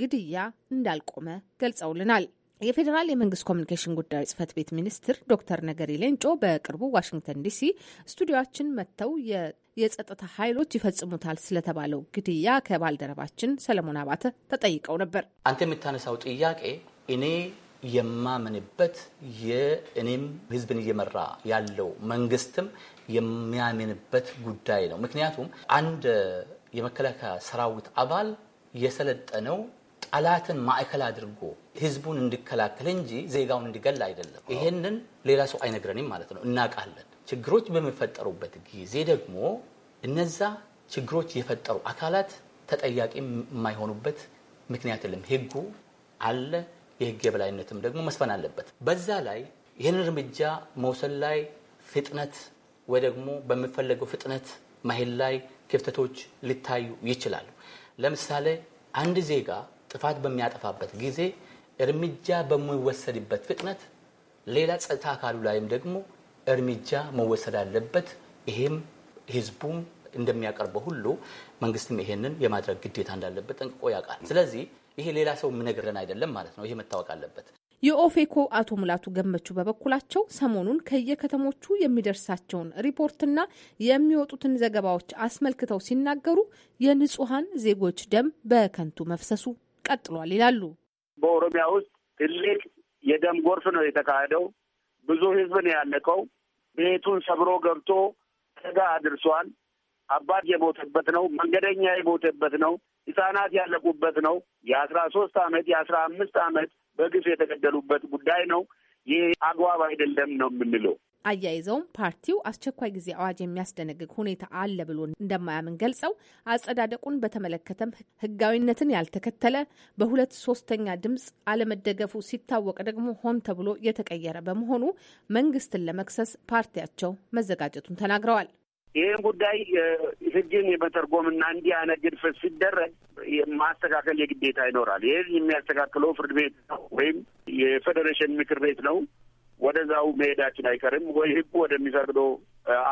ግድያ እንዳልቆመ ገልጸውልናል። የፌዴራል የመንግስት ኮሚኒኬሽን ጉዳዮች ጽህፈት ቤት ሚኒስትር ዶክተር ነገሪ ሌንጮ በቅርቡ ዋሽንግተን ዲሲ ስቱዲዮችን መጥተው የጸጥታ ኃይሎች ይፈጽሙታል ስለተባለው ግድያ ከባልደረባችን ሰለሞን አባተ ተጠይቀው ነበር። አንተ የምታነሳው ጥያቄ እኔ የማምንበት የእኔም ህዝብን እየመራ ያለው መንግስትም የሚያምንበት ጉዳይ ነው። ምክንያቱም አንድ የመከላከያ ሰራዊት አባል የሰለጠነው ጠላትን ማዕከል አድርጎ ህዝቡን እንዲከላከል እንጂ ዜጋውን እንዲገል አይደለም። ይሄንን ሌላ ሰው አይነግረንም ማለት ነው። እናውቃለን። ችግሮች በሚፈጠሩበት ጊዜ ደግሞ እነዛ ችግሮች የፈጠሩ አካላት ተጠያቂ የማይሆኑበት ምክንያት የለም። ህጉ አለ። የህግ የበላይነትም ደግሞ መስፈን አለበት። በዛ ላይ ይህን እርምጃ መውሰድ ላይ ፍጥነት ወይ ደግሞ በሚፈለገው ፍጥነት መሄድ ላይ ክፍተቶች ሊታዩ ይችላሉ። ለምሳሌ አንድ ዜጋ ጥፋት በሚያጠፋበት ጊዜ እርምጃ በሚወሰድበት ፍጥነት ሌላ ጸጥታ አካሉ ላይም ደግሞ እርምጃ መወሰድ አለበት። ይሄም ህዝቡም እንደሚያቀርበው ሁሉ መንግስትም ይሄንን የማድረግ ግዴታ እንዳለበት ጠንቅቆ ያውቃል። ስለዚህ ይሄ ሌላ ሰው የሚነግረን አይደለም ማለት ነው። ይሄ መታወቅ አለበት። የኦፌኮ አቶ ሙላቱ ገመቹ በበኩላቸው ሰሞኑን ከየከተሞቹ የሚደርሳቸውን ሪፖርትና የሚወጡትን ዘገባዎች አስመልክተው ሲናገሩ የንጹሐን ዜጎች ደም በከንቱ መፍሰሱ ቀጥሏል ይላሉ። በኦሮሚያ ውስጥ ትልቅ የደም ጎርፍ ነው የተካሄደው። ብዙ ህዝብ ነው ያለቀው። ቤቱን ሰብሮ ገብቶ አደጋ አድርሷል። አባት የሞተበት ነው። መንገደኛ የሞተበት ነው። ህጻናት ያለቁበት ነው። የአስራ ሶስት አመት የአስራ አምስት አመት በግፍ የተገደሉበት ጉዳይ ነው። ይህ አግባብ አይደለም ነው የምንለው። አያይዘውም ፓርቲው አስቸኳይ ጊዜ አዋጅ የሚያስደነግግ ሁኔታ አለ ብሎ እንደማያምን ገልጸው አጸዳደቁን በተመለከተም ሕጋዊነትን ያልተከተለ በሁለት ሶስተኛ ድምፅ አለመደገፉ ሲታወቅ ደግሞ ሆን ተብሎ የተቀየረ በመሆኑ መንግስትን ለመክሰስ ፓርቲያቸው መዘጋጀቱን ተናግረዋል። ይህን ጉዳይ ህግን የመተርጎምና እንዲህ አይነት ግድፈት ሲደረግ ማስተካከል የግዴታ ይኖራል። ይህን የሚያስተካክለው ፍርድ ቤት ነው ወይም የፌዴሬሽን ምክር ቤት ነው። ወደዛው መሄዳችን አይቀርም ወይ ህጉ ወደሚፈቅዶ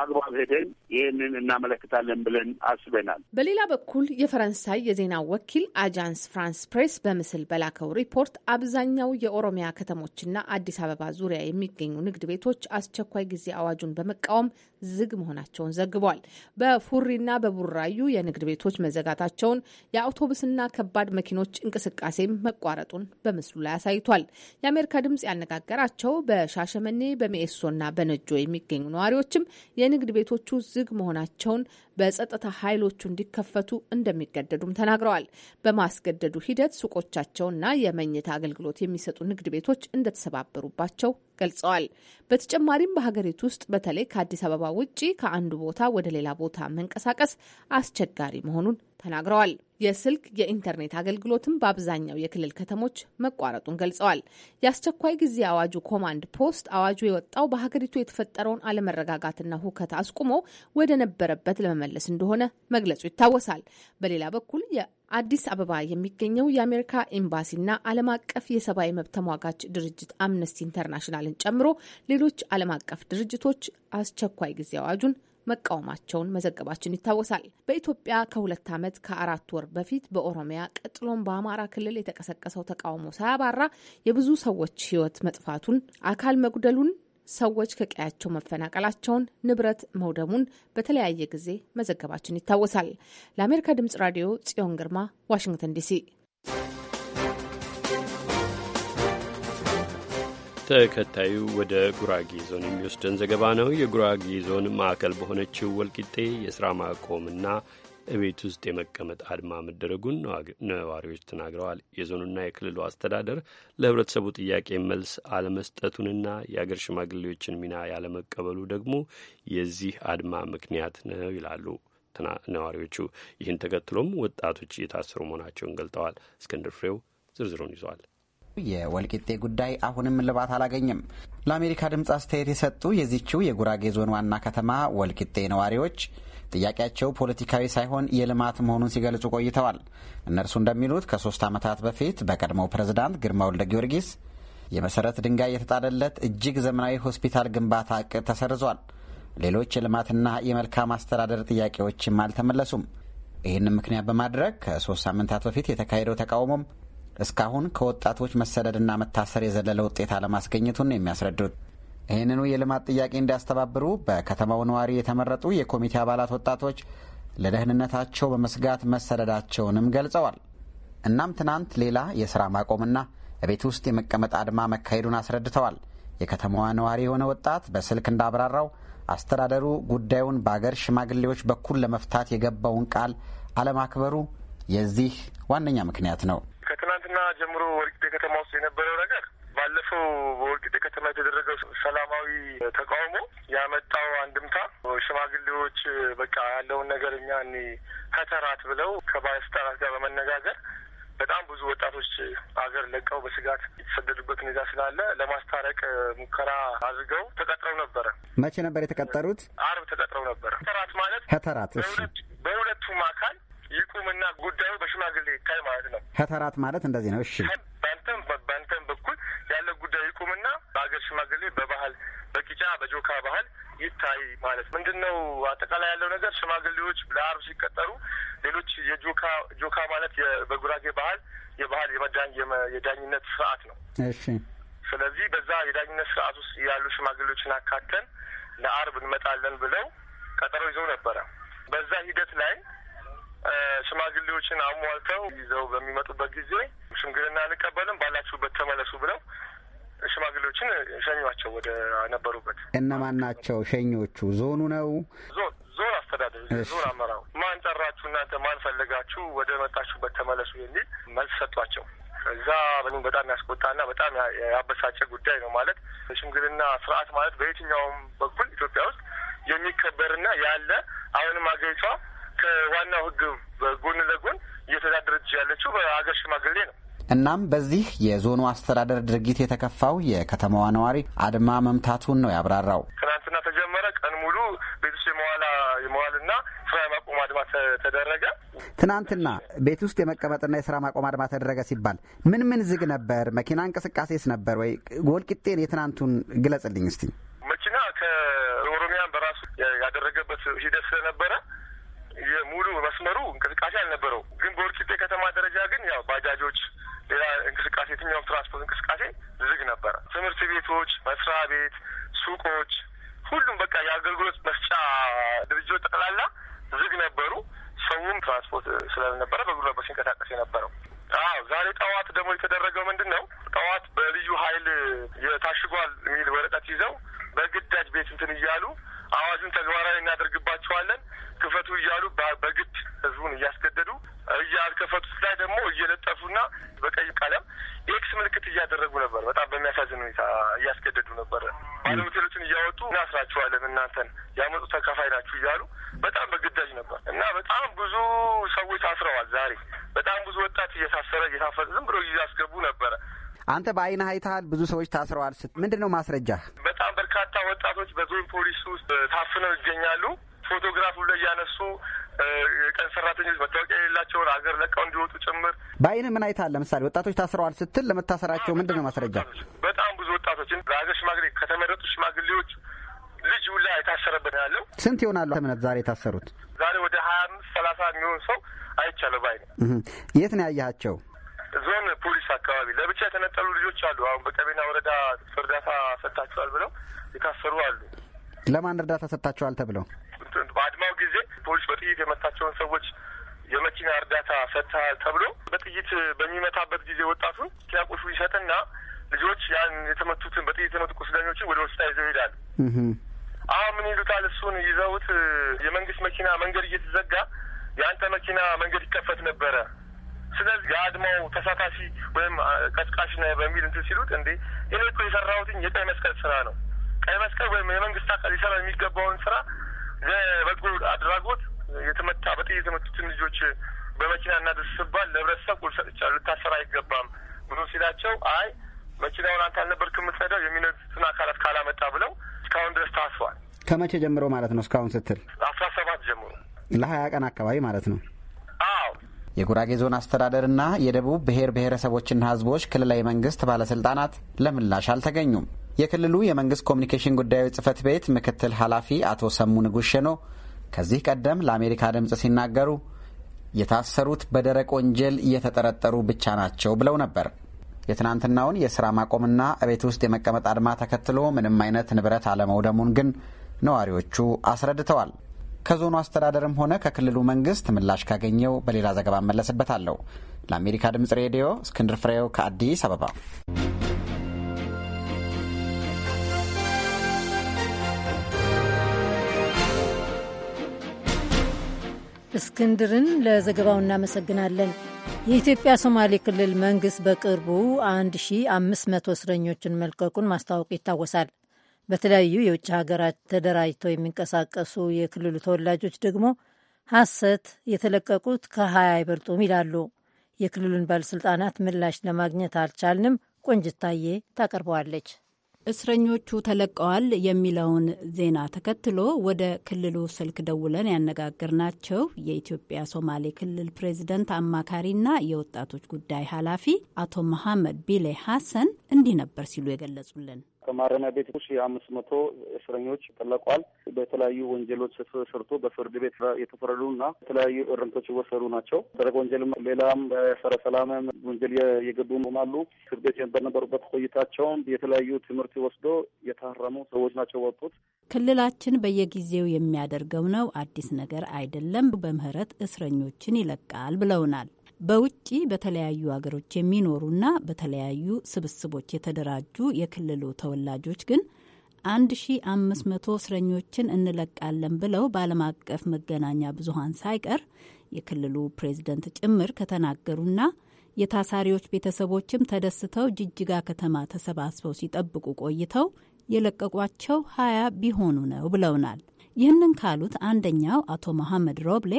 አግባብ ሄደን ይህንን እናመለክታለን ብለን አስበናል። በሌላ በኩል የፈረንሳይ የዜና ወኪል አጃንስ ፍራንስ ፕሬስ በምስል በላከው ሪፖርት አብዛኛው የኦሮሚያ ከተሞችና አዲስ አበባ ዙሪያ የሚገኙ ንግድ ቤቶች አስቸኳይ ጊዜ አዋጁን በመቃወም ዝግ መሆናቸውን ዘግቧል። በፉሪና በቡራዩ የንግድ ቤቶች መዘጋታቸውን፣ የአውቶቡስና ከባድ መኪኖች እንቅስቃሴም መቋረጡን በምስሉ ላይ አሳይቷል። የአሜሪካ ድምጽ ያነጋገራቸው በሻሸመኔ በሚኤሶና በነጆ የሚገኙ ነዋሪዎችም የንግድ ቤቶቹ ዝግ መሆናቸውን በጸጥታ ኃይሎቹ እንዲከፈቱ እንደሚገደዱም ተናግረዋል። በማስገደዱ ሂደት ሱቆቻቸውና የመኝታ አገልግሎት የሚሰጡ ንግድ ቤቶች እንደተሰባበሩባቸው ገልጸዋል። በተጨማሪም በሀገሪቱ ውስጥ በተለይ ከአዲስ አበባ ውጭ ከአንዱ ቦታ ወደ ሌላ ቦታ መንቀሳቀስ አስቸጋሪ መሆኑን ተናግረዋል። የስልክ የኢንተርኔት አገልግሎትም በአብዛኛው የክልል ከተሞች መቋረጡን ገልጸዋል። የአስቸኳይ ጊዜ አዋጁ ኮማንድ ፖስት አዋጁ የወጣው በሀገሪቱ የተፈጠረውን አለመረጋጋትና ሁከት አስቁሞ ወደ ነበረበት ለመመለስ እንደሆነ መግለጹ ይታወሳል። በሌላ በኩል አዲስ አበባ የሚገኘው የአሜሪካ ኤምባሲና ዓለም አቀፍ የሰብአዊ መብት ተሟጋች ድርጅት አምነስቲ ኢንተርናሽናልን ጨምሮ ሌሎች ዓለም አቀፍ ድርጅቶች አስቸኳይ ጊዜ አዋጁን መቃወማቸውን መዘገባችን ይታወሳል። በኢትዮጵያ ከሁለት ዓመት ከአራት ወር በፊት በኦሮሚያ ቀጥሎም በአማራ ክልል የተቀሰቀሰው ተቃውሞ ሳያባራ የብዙ ሰዎች ሕይወት መጥፋቱን፣ አካል መጉደሉን፣ ሰዎች ከቀያቸው መፈናቀላቸውን፣ ንብረት መውደሙን በተለያየ ጊዜ መዘገባችን ይታወሳል። ለአሜሪካ ድምጽ ራዲዮ ጽዮን ግርማ ዋሽንግተን ዲሲ ተከታዩ ወደ ጉራጌ ዞን የሚወስደን ዘገባ ነው። የጉራጌ ዞን ማዕከል በሆነችው ወልቂጤ የሥራ ማቆምና እቤት ውስጥ የመቀመጥ አድማ መደረጉን ነዋሪዎች ተናግረዋል። የዞኑና የክልሉ አስተዳደር ለህብረተሰቡ ጥያቄ መልስ አለመስጠቱንና የአገር ሽማግሌዎችን ሚና ያለመቀበሉ ደግሞ የዚህ አድማ ምክንያት ነው ይላሉ ነዋሪዎቹ። ይህን ተከትሎም ወጣቶች እየታሰሩ መሆናቸውን ገልጠዋል። እስክንድር ፍሬው ዝርዝሩን ይዟል። የወልቂጤ ጉዳይ አሁንም እልባት አላገኘም። ለአሜሪካ ድምፅ አስተያየት የሰጡ የዚችው የጉራጌ ዞን ዋና ከተማ ወልቂጤ ነዋሪዎች ጥያቄያቸው ፖለቲካዊ ሳይሆን የልማት መሆኑን ሲገልጹ ቆይተዋል። እነርሱ እንደሚሉት ከሶስት ዓመታት በፊት በቀድሞው ፕሬዝዳንት ግርማ ወልደ ጊዮርጊስ የመሰረት ድንጋይ የተጣለለት እጅግ ዘመናዊ ሆስፒታል ግንባታ እቅድ ተሰርዟል። ሌሎች የልማትና የመልካም አስተዳደር ጥያቄዎችም አልተመለሱም። ይህንም ምክንያት በማድረግ ከሶስት ሳምንታት በፊት የተካሄደው ተቃውሞም እስካሁን ከወጣቶች መሰደድና መታሰር የዘለለ ውጤት አለማስገኘቱን ነው የሚያስረዱት። ይህንኑ የልማት ጥያቄ እንዲያስተባብሩ በከተማው ነዋሪ የተመረጡ የኮሚቴ አባላት ወጣቶች ለደህንነታቸው በመስጋት መሰደዳቸውንም ገልጸዋል። እናም ትናንት ሌላ የሥራ ማቆምና ቤት ውስጥ የመቀመጥ አድማ መካሄዱን አስረድተዋል። የከተማዋ ነዋሪ የሆነ ወጣት በስልክ እንዳብራራው አስተዳደሩ ጉዳዩን በአገር ሽማግሌዎች በኩል ለመፍታት የገባውን ቃል አለማክበሩ የዚህ ዋነኛ ምክንያት ነው። ትናንትና ጀምሮ ወልቂጤ ከተማ ውስጥ የነበረው ነገር ባለፈው በወልቂጤ ከተማ የተደረገው ሰላማዊ ተቃውሞ ያመጣው አንድምታ ሽማግሌዎች በቃ ያለውን ነገር እኛ እኔ ከተራት ብለው ከባለስልጣናት ጋር በመነጋገር በጣም ብዙ ወጣቶች አገር ለቀው በስጋት የተሰደዱበት ሁኔታ ስላለ ለማስታረቅ ሙከራ አድርገው ተቀጥረው ነበረ። መቼ ነበር የተቀጠሩት? አርብ ተቀጥረው ነበረ። ከተራት ማለት ከተራት በሁለቱም አካል ይቁምና ጉዳዩ በሽማግሌ ይታይ ማለት ነው። ህተራት ማለት እንደዚህ ነው። እሺ ባንተም ባንተም በኩል ያለ ጉዳዩ ይቁምና በሀገር ሽማግሌ በባህል በቂጫ በጆካ ባህል ይታይ ማለት ምንድን ነው? አጠቃላይ ያለው ነገር ሽማግሌዎች ለአርብ ሲቀጠሩ ሌሎች የጆካ ጆካ ማለት በጉራጌ ባህል የባህል የዳኝነት ስርዓት ነው። እሺ ስለዚህ በዛ የዳኝነት ስርዓት ውስጥ ያሉ ሽማግሌዎችን አካተን ለአርብ እንመጣለን ብለው ቀጠሮ ይዘው ነበረ። በዛ ሂደት ላይ ሽማግሌዎችን አሟልተው ይዘው በሚመጡበት ጊዜ ሽምግልና አንቀበልም፣ ባላችሁበት ተመለሱ ብለው ሽማግሌዎችን ሸኟቸው ወደ ነበሩበት። እነማን ናቸው ሸኞቹ? ዞኑ ነው ዞን ዞን አስተዳደር ዞን አመራው ማን ጠራችሁ እናንተ ማን ፈለጋችሁ ወደ መጣችሁበት ተመለሱ የሚል መልስ ሰጧቸው። እዛ ምንም በጣም ያስቆጣና በጣም ያበሳጨ ጉዳይ ነው። ማለት ሽምግልና ስርዓት ማለት በየትኛውም በኩል ኢትዮጵያ ውስጥ የሚከበርና ያለ አሁንም አገሪቷ ከዋናው ህግ ጎን ለጎን እየተዳደረች ያለችው በሀገር ሽማግሌ ነው። እናም በዚህ የዞኑ አስተዳደር ድርጊት የተከፋው የከተማዋ ነዋሪ አድማ መምታቱን ነው ያብራራው። ትናንትና ተጀመረ። ቀን ሙሉ ቤት ውስጥ የመዋላ የመዋልና ስራ ማቆም አድማ ተደረገ። ትናንትና ቤት ውስጥ የመቀመጥና የስራ ማቆም አድማ ተደረገ ሲባል ምን ምን ዝግ ነበር? መኪና እንቅስቃሴስ ነበር ወይ? ወልቂጤን የትናንቱን ግለጽልኝ እስቲ። መኪና ከኦሮሚያን በራሱ ያደረገበት ሂደት ስለነበረ የሙሉ መስመሩ እንቅስቃሴ አልነበረው። ግን በወልቂጤ ከተማ ደረጃ ግን ያው ባጃጆች፣ ሌላ እንቅስቃሴ፣ የትኛውም ትራንስፖርት እንቅስቃሴ ዝግ ነበረ። ትምህርት ቤቶች፣ መስሪያ ቤት፣ ሱቆች፣ ሁሉም በቃ የአገልግሎት መስጫ ድርጅቶች ጠቅላላ ዝግ ነበሩ። ሰውም ትራንስፖርት ስላልነበረ በእግሩ ነበር ሲንቀሳቀስ የነበረው። አዎ ዛሬ ጠዋት ደግሞ የተደረገው ምንድን ነው? ጠዋት በልዩ ኃይል የታሽጓል የሚል ወረቀት ይዘው በግዳጅ ቤት እንትን እያሉ አዋጁን ተግባራዊ እናደርግባቸዋለን ክፈቱ እያሉ በግድ ህዝቡን እያስገደዱ እያልከፈቱት ላይ ደግሞ እየለጠፉና በቀይ ቀለም ኤክስ ምልክት እያደረጉ ነበር። በጣም በሚያሳዝን ሁኔታ እያስገደዱ ነበር። ባለሆቴሎችን እያወጡ እናስራችኋለን፣ እናንተን ያመጡ ተካፋይ ናችሁ እያሉ በጣም በግዳጅ ነበር እና በጣም ብዙ ሰዎች ታስረዋል። ዛሬ በጣም ብዙ ወጣት እየታሰረ እየታፈጠ ዝም ብሎ እያስገቡ ነበረ። አንተ በአይን አይተሃል። ብዙ ሰዎች ታስረዋል። ምንድን ነው ማስረጃ? በጣም በርካታ ወጣቶች በዞን ፖሊስ ውስጥ ታፍነው ይገኛሉ። ፎቶግራፉ ላይ እያነሱ ቀን ሰራተኞች መታወቂያ የሌላቸውን አገር ለቀው እንዲወጡ ጭምር በአይን ምን አይታል? ለምሳሌ ወጣቶች ታስረዋል ስትል ለመታሰራቸው ምንድን ነው ማስረጃ? በጣም ብዙ ወጣቶችን በሀገር ሽማግሌ ከተመረጡ ሽማግሌዎች ልጅ ሁላ የታሰረበት ያለው ስንት ይሆናሉ? እምነት ዛሬ የታሰሩት ዛሬ ወደ ሀያ አምስት ሰላሳ የሚሆን ሰው አይቻለሁ በአይን። የት ነው ያያቸው? ዞን ፖሊስ አካባቢ ለብቻ የተነጠሉ ልጆች አሉ። አሁን በቀቤና ወረዳ እርዳታ ሰጥታቸዋል ብለው የታሰሩ አሉ። ለማን እርዳታ ሰጥታቸዋል ተብለው በአድማው ጊዜ ፖሊስ በጥይት የመታቸውን ሰዎች የመኪና እርዳታ ሰጥተሃል ተብሎ በጥይት በሚመታበት ጊዜ ወጣቱን ኪያቁሱ ይሰጥና ልጆች ያን የተመቱትን በጥይት የተመቱ ቁስለኞችን ወደ ወስታ ይዘው ይሄዳሉ። አሁን ምን ይሉታል? እሱን ይዘውት የመንግስት መኪና መንገድ እየተዘጋ የአንተ መኪና መንገድ ይከፈት ነበረ፣ ስለዚህ የአድማው ተሳታፊ ወይም ቀስቃሽ ነህ በሚል እንትን ሲሉት፣ እንዴ እኔ እኮ የሰራሁትኝ የቀይ መስቀል ስራ ነው። ቀይ መስቀል ወይም የመንግስት አካል ሊሰራ የሚገባውን ስራ ለበጎ አድራጎት የተመታ በጥይት የተመቱትን ልጆች በመኪና እናድርስ ስባል ለህብረተሰብ ቁል ሰጥቻለሁ፣ ልታሰር አይገባም ብሎ ሲላቸው አይ መኪናውን አንተ አልነበርክም የምትነዳው የሚነዱትን አካላት ካላመጣ ብለው እስካሁን ድረስ ታስሯል። ከመቼ ጀምሮ ማለት ነው? እስካሁን ስትል አስራ ሰባት ጀምሮ ለሀያ ቀን አካባቢ ማለት ነው። አዎ የጉራጌ ዞን አስተዳደርና የደቡብ ብሔር ብሔረሰቦችና ሕዝቦች ክልላዊ መንግስት ባለስልጣናት ለምላሽ አልተገኙም። የክልሉ የመንግስት ኮሚኒኬሽን ጉዳዮች ጽህፈት ቤት ምክትል ኃላፊ አቶ ሰሙ ነው። ከዚህ ቀደም ለአሜሪካ ድምፅ ሲናገሩ የታሰሩት በደረቅ ወንጀል እየተጠረጠሩ ብቻ ናቸው ብለው ነበር። የትናንትናውን የሥራ ማቆምና እቤት ውስጥ የመቀመጥ አድማ ተከትሎ ምንም አይነት ንብረት አለመውደሙን ግን ነዋሪዎቹ አስረድተዋል። ከዞኑ አስተዳደርም ሆነ ከክልሉ መንግስት ምላሽ ካገኘው በሌላ ዘገባ እመለስበታለሁ። ለአሜሪካ ድምፅ ሬዲዮ እስክንድር ፍሬው ከአዲስ አበባ። እስክንድርን ለዘገባው እናመሰግናለን። የኢትዮጵያ ሶማሌ ክልል መንግስት በቅርቡ 1500 እስረኞችን መልቀቁን ማስታወቁ ይታወሳል። በተለያዩ የውጭ ሀገራት ተደራጅተው የሚንቀሳቀሱ የክልሉ ተወላጆች ደግሞ ሐሰት የተለቀቁት ከሀያ አይበልጡም ይላሉ። የክልሉን ባለሥልጣናት ምላሽ ለማግኘት አልቻልንም። ቆንጅታዬ ታቀርበዋለች። እስረኞቹ ተለቀዋል የሚለውን ዜና ተከትሎ ወደ ክልሉ ስልክ ደውለን ያነጋገርናቸው የኢትዮጵያ ሶማሌ ክልል ፕሬዝደንት አማካሪና የወጣቶች ጉዳይ ኃላፊ አቶ መሐመድ ቢሌ ሐሰን እንዲህ ነበር ሲሉ የገለጹልን ከማረሚያ ቤት ሺ አምስት መቶ እስረኞች ተለቋል። በተለያዩ ወንጀሎች ሰርቶ በፍርድ ቤት የተፈረዱ እና የተለያዩ እርምቶች የወሰዱ ናቸው። ደረግ ወንጀል ሌላም በሰረ ሰላም ወንጀል የገቡ አሉ። ፍርድ ቤት በነበሩበት ቆይታቸውም የተለያዩ ትምህርት ወስዶ የታረሙ ሰዎች ናቸው ወጡት። ክልላችን በየጊዜው የሚያደርገው ነው፣ አዲስ ነገር አይደለም። በምህረት እስረኞችን ይለቃል ብለውናል። በውጭ በተለያዩ አገሮች የሚኖሩና በተለያዩ ስብስቦች የተደራጁ የክልሉ ተወላጆች ግን 1500 እስረኞችን እንለቃለን ብለው በዓለም አቀፍ መገናኛ ብዙሃን ሳይቀር የክልሉ ፕሬዝደንት ጭምር ከተናገሩና የታሳሪዎች ቤተሰቦችም ተደስተው ጅጅጋ ከተማ ተሰባስበው ሲጠብቁ ቆይተው የለቀቋቸው ሀያ ቢሆኑ ነው ብለውናል። ይህንን ካሉት አንደኛው አቶ መሐመድ ሮብሌ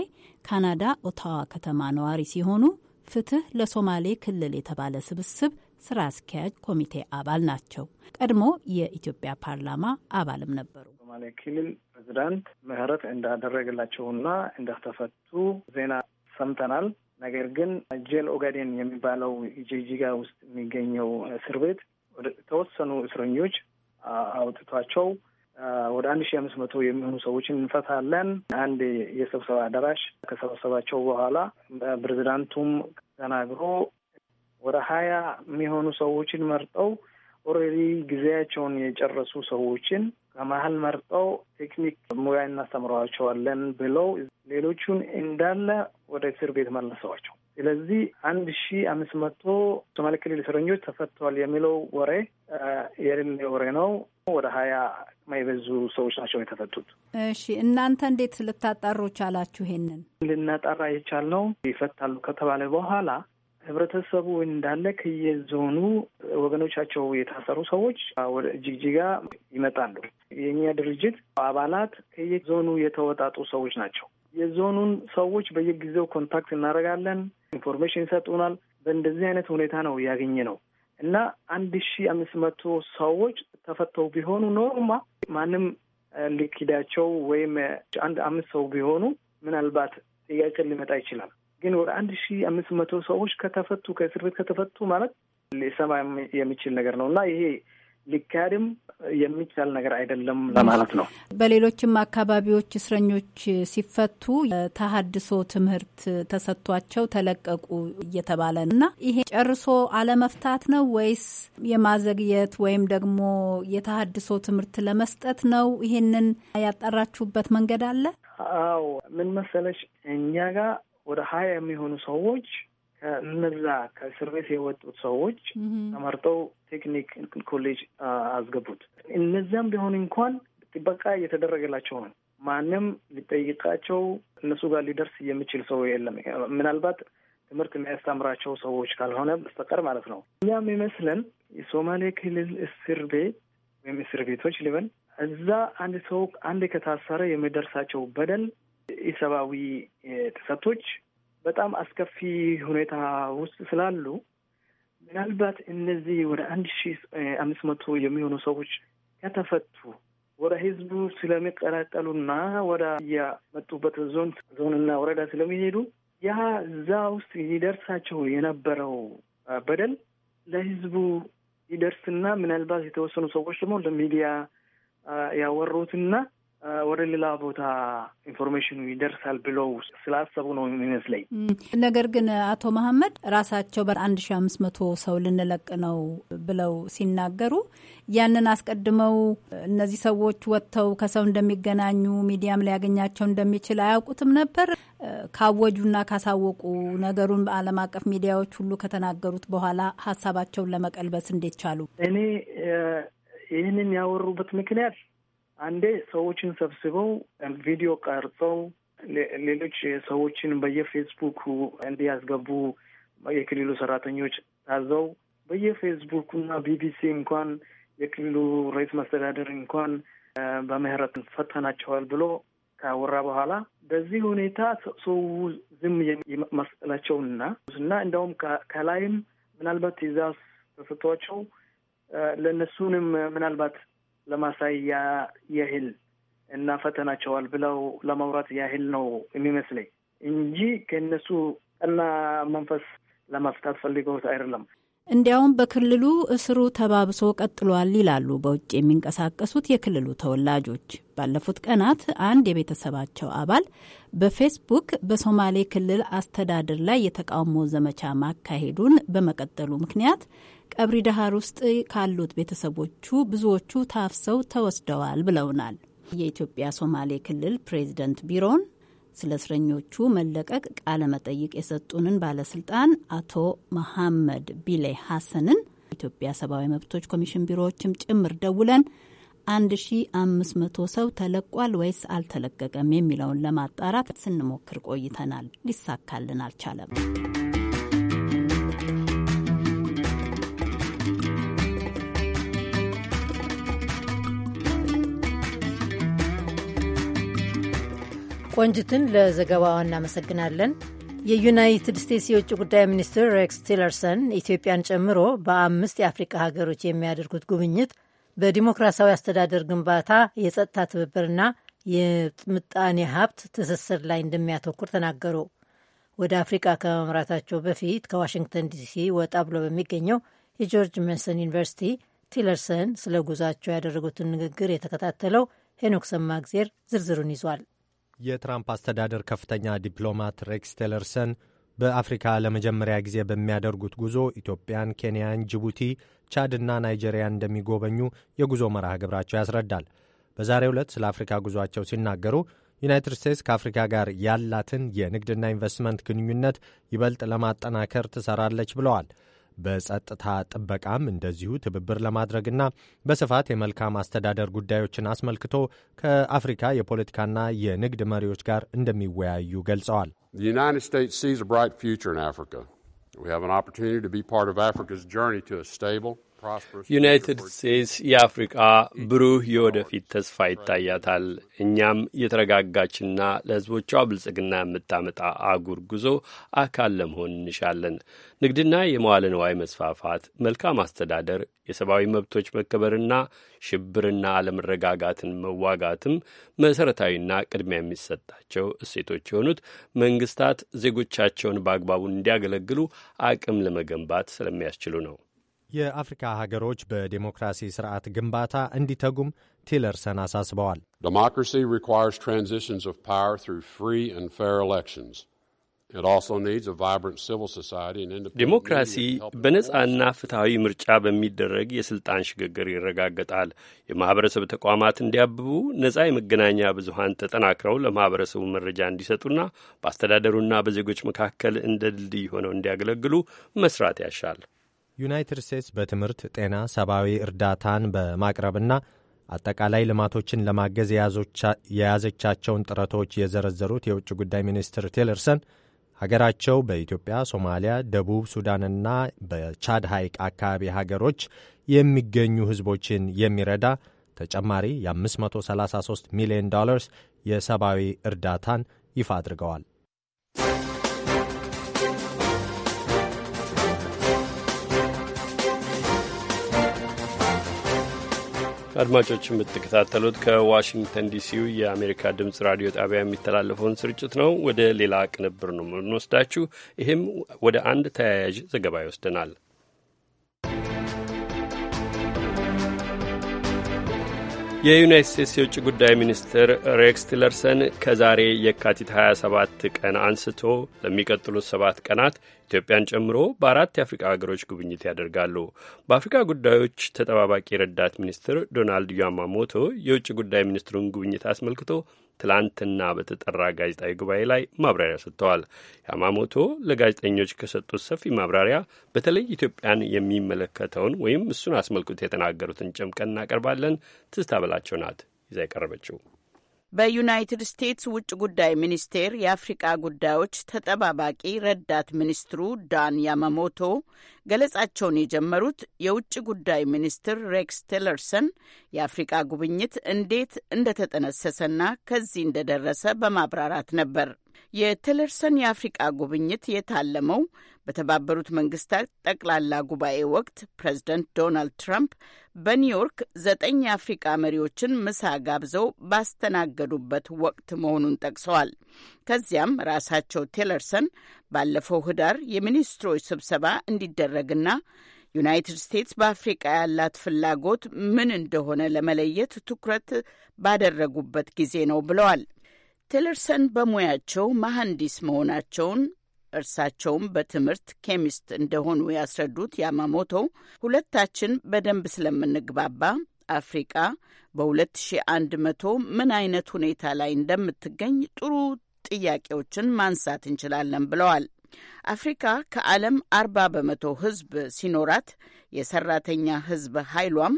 ካናዳ ኦታዋ ከተማ ነዋሪ ሲሆኑ ፍትህ ለሶማሌ ክልል የተባለ ስብስብ ስራ አስኪያጅ ኮሚቴ አባል ናቸው። ቀድሞ የኢትዮጵያ ፓርላማ አባልም ነበሩ። ሶማሌ ክልል ፕሬዚዳንት ምህረት እንዳደረገላቸውና እንዳተፈቱ ዜና ሰምተናል። ነገር ግን ጄል ኦጋዴን የሚባለው ጅጅጋ ውስጥ የሚገኘው እስር ቤት ተወሰኑ እስረኞች አውጥቷቸው ወደ አንድ ሺ አምስት መቶ የሚሆኑ ሰዎችን እንፈታለን። አንድ የስብሰባ አዳራሽ ከሰበሰባቸው በኋላ ፕሬዚዳንቱም ተናግሮ ወደ ሀያ የሚሆኑ ሰዎችን መርጠው ኦልሬዲ ጊዜያቸውን የጨረሱ ሰዎችን ከመሀል መርጠው ቴክኒክ ሙያ እናስተምረዋቸዋለን ብለው ሌሎቹን እንዳለ ወደ እስር ቤት መለሰዋቸው። ስለዚህ አንድ ሺ አምስት መቶ ሶማሌ ክልል እስረኞች ተፈተዋል የሚለው ወሬ የሌለ ወሬ ነው። ወደ ሀያ የበዙ ሰዎች ናቸው የተፈቱት። እሺ እናንተ እንዴት ልታጣሩ ቻላችሁ? ይሄንን ልናጣራ የቻልነው ይፈታሉ ከተባለ በኋላ ህብረተሰቡ እንዳለ ከየዞኑ ወገኖቻቸው የታሰሩ ሰዎች ወደ ጅግጅጋ ይመጣሉ። የኛ ድርጅት አባላት ከየዞኑ የተወጣጡ ሰዎች ናቸው። የዞኑን ሰዎች በየጊዜው ኮንታክት እናደርጋለን። ኢንፎርሜሽን ይሰጡናል። በእንደዚህ አይነት ሁኔታ ነው ያገኘ ነው። እና አንድ ሺ አምስት መቶ ሰዎች ተፈተው ቢሆኑ ኖርማ ማንም ሊኪዳቸው ወይም አንድ አምስት ሰው ቢሆኑ ምናልባት ጥያቄ ሊመጣ ይችላል። ግን ወደ አንድ ሺ አምስት መቶ ሰዎች ከተፈቱ ከእስር ቤት ከተፈቱ ማለት ሊሰማ የሚችል ነገር ነው እና ይሄ ሊካሄድም የሚቻል ነገር አይደለም ለማለት ነው። በሌሎችም አካባቢዎች እስረኞች ሲፈቱ ተሀድሶ ትምህርት ተሰጥቷቸው ተለቀቁ እየተባለ ነው እና ይሄ ጨርሶ አለመፍታት ነው ወይስ የማዘግየት ወይም ደግሞ የተሀድሶ ትምህርት ለመስጠት ነው? ይሄንን ያጣራችሁበት መንገድ አለ? አዎ ምን መሰለሽ እኛ ጋር ወደ ሀያ የሚሆኑ ሰዎች እነዛ ከእስር ቤት የወጡት ሰዎች ተመርጠው ቴክኒክ ኮሌጅ አስገቡት። እነዚያም ቢሆን እንኳን ጥበቃ እየተደረገላቸው ነው። ማንም ሊጠይቃቸው እነሱ ጋር ሊደርስ የሚችል ሰው የለም። ምናልባት ትምህርት የሚያስተምራቸው ሰዎች ካልሆነ በስተቀር ማለት ነው። እኛም ይመስለን የሶማሌ ክልል እስር ቤት ወይም እስር ቤቶች ሊበል እዛ አንድ ሰው አንድ ከታሰረ የሚደርሳቸው በደል ኢሰብአዊ ጥሰቶች በጣም አስከፊ ሁኔታ ውስጥ ስላሉ ምናልባት እነዚህ ወደ አንድ ሺ አምስት መቶ የሚሆኑ ሰዎች ከተፈቱ ወደ ህዝቡ ስለሚቀላቀሉና ወደ የመጡበት ዞን ዞንና ወረዳ ስለሚሄዱ ያ እዛ ውስጥ ይደርሳቸው የነበረው በደል ለህዝቡ ይደርስና ምናልባት የተወሰኑ ሰዎች ደግሞ ለሚዲያ ያወሩትና ወደ ሌላ ቦታ ኢንፎርሜሽኑ ይደርሳል ብለው ስላሰቡ ነው የሚመስለኝ። ነገር ግን አቶ መሀመድ ራሳቸው በአንድ ሺ አምስት መቶ ሰው ልንለቅ ነው ብለው ሲናገሩ ያንን አስቀድመው እነዚህ ሰዎች ወጥተው ከሰው እንደሚገናኙ ሚዲያም ሊያገኛቸው እንደሚችል አያውቁትም ነበር። ካወጁና ካሳወቁ ነገሩን በዓለም አቀፍ ሚዲያዎች ሁሉ ከተናገሩት በኋላ ሀሳባቸውን ለመቀልበስ እንዴት ቻሉ? እኔ ይህንን ያወሩበት ምክንያት አንዴ ሰዎችን ሰብስበው ቪዲዮ ቀርጸው ሌሎች ሰዎችን በየፌስቡክ እንዲያስገቡ የክልሉ ሰራተኞች ታዘው በየፌስቡክ እና ቢቢሲ እንኳን የክልሉ ርዕሰ መስተዳደር እንኳን በምህረት ፈተናቸዋል ብሎ ካወራ በኋላ በዚህ ሁኔታ ሰው ዝም የመሰላቸውና እና እንደውም ከላይም ምናልባት ትዕዛዝ ተሰጥቷቸው ለእነሱንም ምናልባት ለማሳያ ያህል እና ፈተናቸዋል ብለው ለማውራት ያህል ነው የሚመስለኝ እንጂ ከእነሱ ቀና መንፈስ ለማፍታት ፈልገውት አይደለም። እንዲያውም በክልሉ እስሩ ተባብሶ ቀጥሏል ይላሉ በውጭ የሚንቀሳቀሱት የክልሉ ተወላጆች። ባለፉት ቀናት አንድ የቤተሰባቸው አባል በፌስቡክ በሶማሌ ክልል አስተዳደር ላይ የተቃውሞ ዘመቻ ማካሄዱን በመቀጠሉ ምክንያት ቀብሪ ዳሃር ውስጥ ካሉት ቤተሰቦቹ ብዙዎቹ ታፍሰው ተወስደዋል ብለውናል። የኢትዮጵያ ሶማሌ ክልል ፕሬዚደንት ቢሮን ስለ እስረኞቹ መለቀቅ ቃለ መጠይቅ የሰጡንን ባለስልጣን አቶ መሐመድ ቢሌ ሐሰንን ኢትዮጵያ ሰብአዊ መብቶች ኮሚሽን ቢሮዎችም ጭምር ደውለን 1500 ሰው ተለቋል ወይስ አልተለቀቀም የሚለውን ለማጣራት ስንሞክር ቆይተናል። ሊሳካልን አልቻለም። ቆንጅትን ለዘገባዋ እናመሰግናለን። የዩናይትድ ስቴትስ የውጭ ጉዳይ ሚኒስትር ሬክስ ቲለርሰን ኢትዮጵያን ጨምሮ በአምስት የአፍሪካ ሀገሮች የሚያደርጉት ጉብኝት በዲሞክራሲያዊ አስተዳደር ግንባታ፣ የጸጥታ ትብብርና የምጣኔ ሀብት ትስስር ላይ እንደሚያተኩር ተናገሩ። ወደ አፍሪካ ከመምራታቸው በፊት ከዋሽንግተን ዲሲ ወጣ ብሎ በሚገኘው የጆርጅ መንሰን ዩኒቨርሲቲ ቲለርሰን ስለ ጉዟቸው ያደረጉትን ንግግር የተከታተለው ሄኖክ ሰማግዜር ዝርዝሩን ይዟል። የትራምፕ አስተዳደር ከፍተኛ ዲፕሎማት ሬክስ ቴለርሰን በአፍሪካ ለመጀመሪያ ጊዜ በሚያደርጉት ጉዞ ኢትዮጵያን፣ ኬንያን፣ ጅቡቲ፣ ቻድና ናይጄሪያን እንደሚጎበኙ የጉዞ መርሃ ግብራቸው ያስረዳል። በዛሬው ዕለት ስለ አፍሪካ ጉዞአቸው ሲናገሩ ዩናይትድ ስቴትስ ከአፍሪካ ጋር ያላትን የንግድና ኢንቨስትመንት ግንኙነት ይበልጥ ለማጠናከር ትሰራለች ብለዋል። በጸጥታ ጥበቃም እንደዚሁ ትብብር ለማድረግና በስፋት የመልካም አስተዳደር ጉዳዮችን አስመልክቶ ከአፍሪካ የፖለቲካና የንግድ መሪዎች ጋር እንደሚወያዩ ገልጸዋል። ዩናይትድ ዩናይትድ ስቴትስ የአፍሪቃ ብሩህ የወደፊት ተስፋ ይታያታል። እኛም የተረጋጋችና ለሕዝቦቿ ብልጽግና የምታመጣ አጉር ጉዞ አካል ለመሆን እንሻለን። ንግድና የመዋለ ንዋይ መስፋፋት፣ መልካም አስተዳደር፣ የሰብአዊ መብቶች መከበርና ሽብርና አለመረጋጋትን መዋጋትም መሠረታዊና ቅድሚያ የሚሰጣቸው እሴቶች የሆኑት መንግስታት ዜጎቻቸውን በአግባቡ እንዲያገለግሉ አቅም ለመገንባት ስለሚያስችሉ ነው። የአፍሪካ ሀገሮች በዴሞክራሲ ስርዓት ግንባታ እንዲተጉም ቲለርሰን አሳስበዋል። ዴሞክራሲ በነጻና ፍትሐዊ ምርጫ በሚደረግ የስልጣን ሽግግር ይረጋገጣል። የማኅበረሰብ ተቋማት እንዲያብቡ፣ ነጻ የመገናኛ ብዙሀን ተጠናክረው ለማኅበረሰቡ መረጃ እንዲሰጡና በአስተዳደሩና በዜጎች መካከል እንደ ድልድይ ሆነው እንዲያገለግሉ መስራት ያሻል። ዩናይትድ ስቴትስ በትምህርት፣ ጤና፣ ሰብአዊ እርዳታን በማቅረብና አጠቃላይ ልማቶችን ለማገዝ የያዘቻቸውን ጥረቶች የዘረዘሩት የውጭ ጉዳይ ሚኒስትር ቲለርሰን ሀገራቸው በኢትዮጵያ፣ ሶማሊያ፣ ደቡብ ሱዳንና በቻድ ሐይቅ አካባቢ ሀገሮች የሚገኙ ሕዝቦችን የሚረዳ ተጨማሪ የ533 ሚሊዮን ዶላርስ የሰብአዊ እርዳታን ይፋ አድርገዋል። አድማጮች የምትከታተሉት ከዋሽንግተን ዲሲው የአሜሪካ ድምፅ ራዲዮ ጣቢያ የሚተላለፈውን ስርጭት ነው። ወደ ሌላ ቅንብር ነው የምንወስዳችሁ። ይህም ወደ አንድ ተያያዥ ዘገባ ይወስደናል። የዩናይት ስቴትስ የውጭ ጉዳይ ሚኒስትር ሬክስ ቲለርሰን ከዛሬ የካቲት 27 ቀን አንስቶ ለሚቀጥሉት ሰባት ቀናት ኢትዮጵያን ጨምሮ በአራት የአፍሪካ ሀገሮች ጉብኝት ያደርጋሉ። በአፍሪካ ጉዳዮች ተጠባባቂ ረዳት ሚኒስትር ዶናልድ ያማሞቶ የውጭ ጉዳይ ሚኒስትሩን ጉብኝት አስመልክቶ ትላንትና በተጠራ ጋዜጣዊ ጉባኤ ላይ ማብራሪያ ሰጥተዋል። ያማሞቶ ለጋዜጠኞች ከሰጡት ሰፊ ማብራሪያ በተለይ ኢትዮጵያን የሚመለከተውን ወይም እሱን አስመልክቶ የተናገሩትን ጨምቀን እናቀርባለን። ትዝታ በላቸው ናት ይዛ የቀረበችው። በዩናይትድ ስቴትስ ውጭ ጉዳይ ሚኒስቴር የአፍሪቃ ጉዳዮች ተጠባባቂ ረዳት ሚኒስትሩ ዳን ያማሞቶ ገለጻቸውን የጀመሩት የውጭ ጉዳይ ሚኒስትር ሬክስ ቲለርሰን የአፍሪቃ ጉብኝት እንዴት እንደተጠነሰሰና ከዚህ እንደደረሰ በማብራራት ነበር። የቲለርሰን የአፍሪቃ ጉብኝት የታለመው በተባበሩት መንግስታት ጠቅላላ ጉባኤ ወቅት ፕሬዝደንት ዶናልድ ትራምፕ በኒውዮርክ ዘጠኝ የአፍሪቃ መሪዎችን ምሳ ጋብዘው ባስተናገዱበት ወቅት መሆኑን ጠቅሰዋል። ከዚያም ራሳቸው ቲለርሰን ባለፈው ህዳር የሚኒስትሮች ስብሰባ እንዲደረግና ዩናይትድ ስቴትስ በአፍሪቃ ያላት ፍላጎት ምን እንደሆነ ለመለየት ትኩረት ባደረጉበት ጊዜ ነው ብለዋል። ቴለርሰን በሙያቸው መሐንዲስ መሆናቸውን እርሳቸውም በትምህርት ኬሚስት እንደሆኑ ያስረዱት ያማሞቶ ሁለታችን በደንብ ስለምንግባባ አፍሪቃ በ2100 ምን አይነት ሁኔታ ላይ እንደምትገኝ ጥሩ ጥያቄዎችን ማንሳት እንችላለን ብለዋል። አፍሪካ ከዓለም አርባ በመቶ ህዝብ ሲኖራት የሰራተኛ ህዝብ ኃይሏም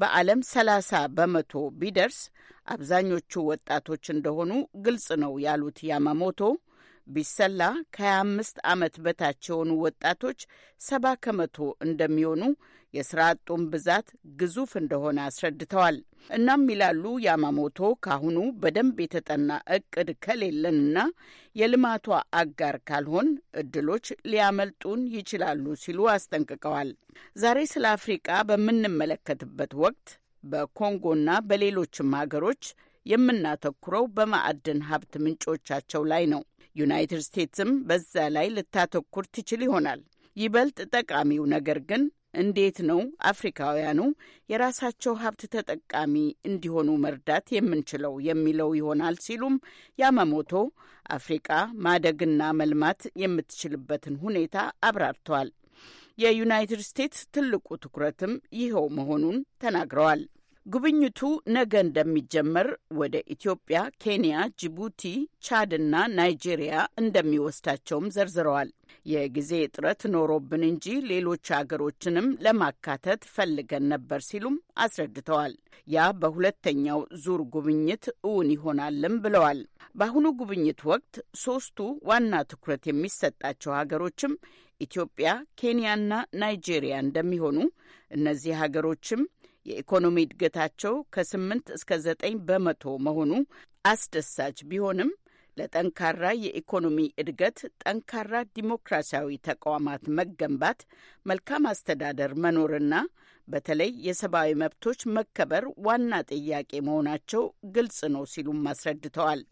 በዓለም ሰላሳ በመቶ ቢደርስ አብዛኞቹ ወጣቶች እንደሆኑ ግልጽ ነው ያሉት ያማሞቶ ቢሰላ ከ25 ዓመት በታች የሆኑ ወጣቶች ሰባ ከመቶ እንደሚሆኑ የስራ አጡም ብዛት ግዙፍ እንደሆነ አስረድተዋል። እናም ይላሉ ያማሞቶ ካሁኑ በደንብ የተጠና እቅድ ከሌለንና የልማቷ አጋር ካልሆን እድሎች ሊያመልጡን ይችላሉ ሲሉ አስጠንቅቀዋል። ዛሬ ስለ አፍሪቃ በምንመለከትበት ወቅት በኮንጎና በሌሎችም ሀገሮች የምናተኩረው በማዕድን ሀብት ምንጮቻቸው ላይ ነው። ዩናይትድ ስቴትስም በዛ ላይ ልታተኩር ትችል ይሆናል። ይበልጥ ጠቃሚው ነገር ግን እንዴት ነው አፍሪካውያኑ የራሳቸው ሀብት ተጠቃሚ እንዲሆኑ መርዳት የምንችለው የሚለው ይሆናል ሲሉም ያማሞቶ አፍሪቃ ማደግና መልማት የምትችልበትን ሁኔታ አብራርተዋል። የዩናይትድ ስቴትስ ትልቁ ትኩረትም ይኸው መሆኑን ተናግረዋል። ጉብኝቱ ነገ እንደሚጀመር ወደ ኢትዮጵያ፣ ኬንያ፣ ጅቡቲ፣ ቻድና ናይጄሪያ እንደሚወስዳቸውም ዘርዝረዋል። የጊዜ እጥረት ኖሮብን እንጂ ሌሎች አገሮችንም ለማካተት ፈልገን ነበር ሲሉም አስረድተዋል። ያ በሁለተኛው ዙር ጉብኝት እውን ይሆናልም ብለዋል። በአሁኑ ጉብኝት ወቅት ሶስቱ ዋና ትኩረት የሚሰጣቸው ሀገሮችም ኢትዮጵያ፣ ኬንያና ናይጄሪያ እንደሚሆኑ እነዚህ ሀገሮችም የኢኮኖሚ እድገታቸው ከስምንት እስከ ዘጠኝ በመቶ መሆኑ አስደሳች ቢሆንም ለጠንካራ የኢኮኖሚ እድገት ጠንካራ ዲሞክራሲያዊ ተቋማት መገንባት፣ መልካም አስተዳደር መኖርና በተለይ የሰብአዊ መብቶች መከበር ዋና ጥያቄ መሆናቸው ግልጽ ነው ሲሉም አስረድተዋል።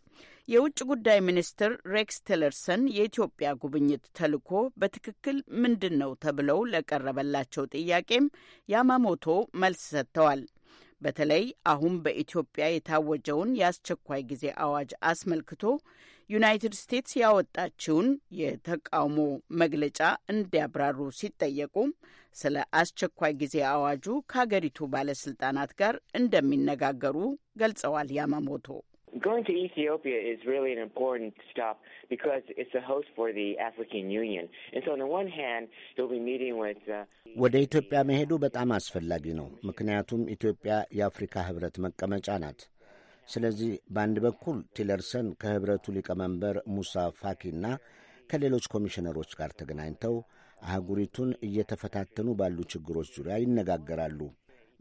የውጭ ጉዳይ ሚኒስትር ሬክስ ቲለርሰን የኢትዮጵያ ጉብኝት ተልዕኮ በትክክል ምንድን ነው ተብለው ለቀረበላቸው ጥያቄም ያማሞቶ መልስ ሰጥተዋል። በተለይ አሁን በኢትዮጵያ የታወጀውን የአስቸኳይ ጊዜ አዋጅ አስመልክቶ ዩናይትድ ስቴትስ ያወጣችውን የተቃውሞ መግለጫ እንዲያብራሩ ሲጠየቁ ስለ አስቸኳይ ጊዜ አዋጁ ከሀገሪቱ ባለስልጣናት ጋር እንደሚነጋገሩ ገልጸዋል። ያማሞቶ Going to Ethiopia is really an important stop because it's a host for the African Union. And so on the one hand, you'll be meeting with uh, ወደ ኢትዮጵያ መሄዱ በጣም አስፈላጊ ነው። ምክንያቱም ኢትዮጵያ የአፍሪካ ህብረት መቀመጫ ናት። ስለዚህ በአንድ በኩል ቲለርሰን ከህብረቱ ሊቀመንበር ሙሳ ፋኪና ከሌሎች ኮሚሽነሮች ጋር ተገናኝተው አህጉሪቱን እየተፈታተኑ ባሉ ችግሮች ዙሪያ ይነጋገራሉ።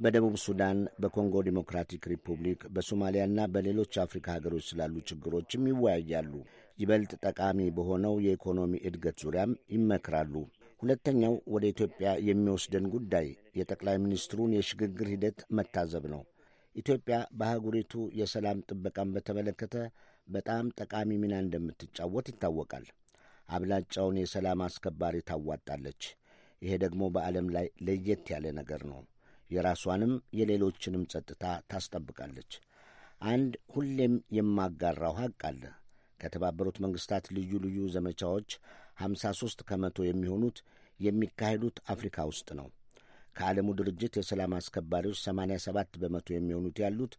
በደቡብ ሱዳን፣ በኮንጎ ዲሞክራቲክ ሪፑብሊክ፣ በሶማሊያና በሌሎች አፍሪካ ሀገሮች ስላሉ ችግሮችም ይወያያሉ። ይበልጥ ጠቃሚ በሆነው የኢኮኖሚ እድገት ዙሪያም ይመክራሉ። ሁለተኛው ወደ ኢትዮጵያ የሚወስደን ጉዳይ የጠቅላይ ሚኒስትሩን የሽግግር ሂደት መታዘብ ነው። ኢትዮጵያ በአህጉሪቱ የሰላም ጥበቃን በተመለከተ በጣም ጠቃሚ ሚና እንደምትጫወት ይታወቃል። አብላጫውን የሰላም አስከባሪ ታዋጣለች። ይሄ ደግሞ በዓለም ላይ ለየት ያለ ነገር ነው። የራሷንም የሌሎችንም ጸጥታ ታስጠብቃለች። አንድ ሁሌም የማጋራው ሀቅ አለ። ከተባበሩት መንግስታት ልዩ ልዩ ዘመቻዎች 53 ከመቶ የሚሆኑት የሚካሄዱት አፍሪካ ውስጥ ነው። ከዓለሙ ድርጅት የሰላም አስከባሪዎች 87 በመቶ የሚሆኑት ያሉት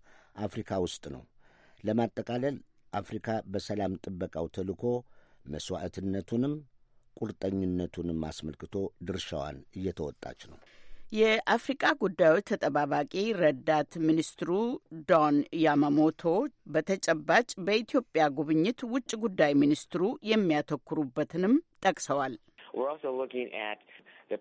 አፍሪካ ውስጥ ነው። ለማጠቃለል አፍሪካ በሰላም ጥበቃው ተልዕኮ መሥዋዕትነቱንም ቁርጠኝነቱንም አስመልክቶ ድርሻዋን እየተወጣች ነው። የአፍሪቃ ጉዳዮች ተጠባባቂ ረዳት ሚኒስትሩ ዶን ያማሞቶ በተጨባጭ በኢትዮጵያ ጉብኝት ውጭ ጉዳይ ሚኒስትሩ የሚያተኩሩበትንም ጠቅሰዋል። uh,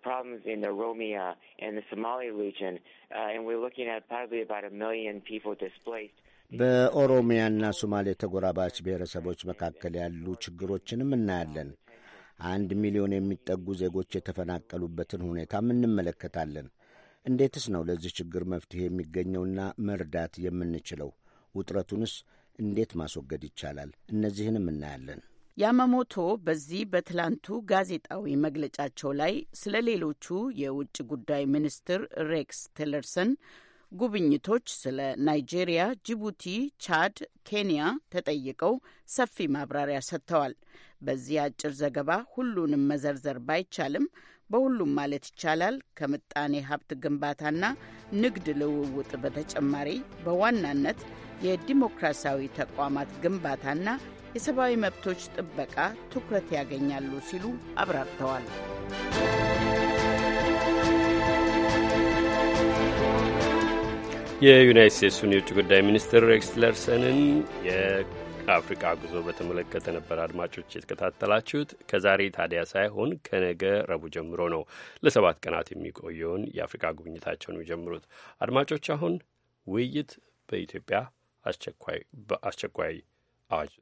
በኦሮሚያና ሶማሌ ተጎራባች ብሔረሰቦች መካከል ያሉ ችግሮችንም እናያለን። አንድ ሚሊዮን የሚጠጉ ዜጎች የተፈናቀሉበትን ሁኔታም እንመለከታለን። እንዴትስ ነው ለዚህ ችግር መፍትሄ የሚገኘውና መርዳት የምንችለው? ውጥረቱንስ እንዴት ማስወገድ ይቻላል? እነዚህንም እናያለን። ያማሞቶ በዚህ በትላንቱ ጋዜጣዊ መግለጫቸው ላይ ስለ ሌሎቹ የውጭ ጉዳይ ሚኒስትር ሬክስ ቲለርሰን ጉብኝቶች ስለ ናይጄሪያ፣ ጅቡቲ፣ ቻድ፣ ኬንያ ተጠይቀው ሰፊ ማብራሪያ ሰጥተዋል። በዚህ አጭር ዘገባ ሁሉንም መዘርዘር ባይቻልም በሁሉም ማለት ይቻላል ከምጣኔ ሀብት ግንባታና ንግድ ልውውጥ በተጨማሪ በዋናነት የዲሞክራሲያዊ ተቋማት ግንባታና የሰብአዊ መብቶች ጥበቃ ትኩረት ያገኛሉ ሲሉ አብራርተዋል። የዩናይት ስቴትሱን የውጭ ጉዳይ ሚኒስትር ሬክስ ቲለርሰንን አፍሪቃ ጉዞ በተመለከተ ነበር አድማጮች የተከታተላችሁት። ከዛሬ ታዲያ ሳይሆን ከነገ ረቡዕ ጀምሮ ነው ለሰባት ቀናት የሚቆየውን የአፍሪቃ ጉብኝታቸውን የሚጀምሩት። አድማጮች አሁን ውይይት በኢትዮጵያ አስቸኳይ አዋጅ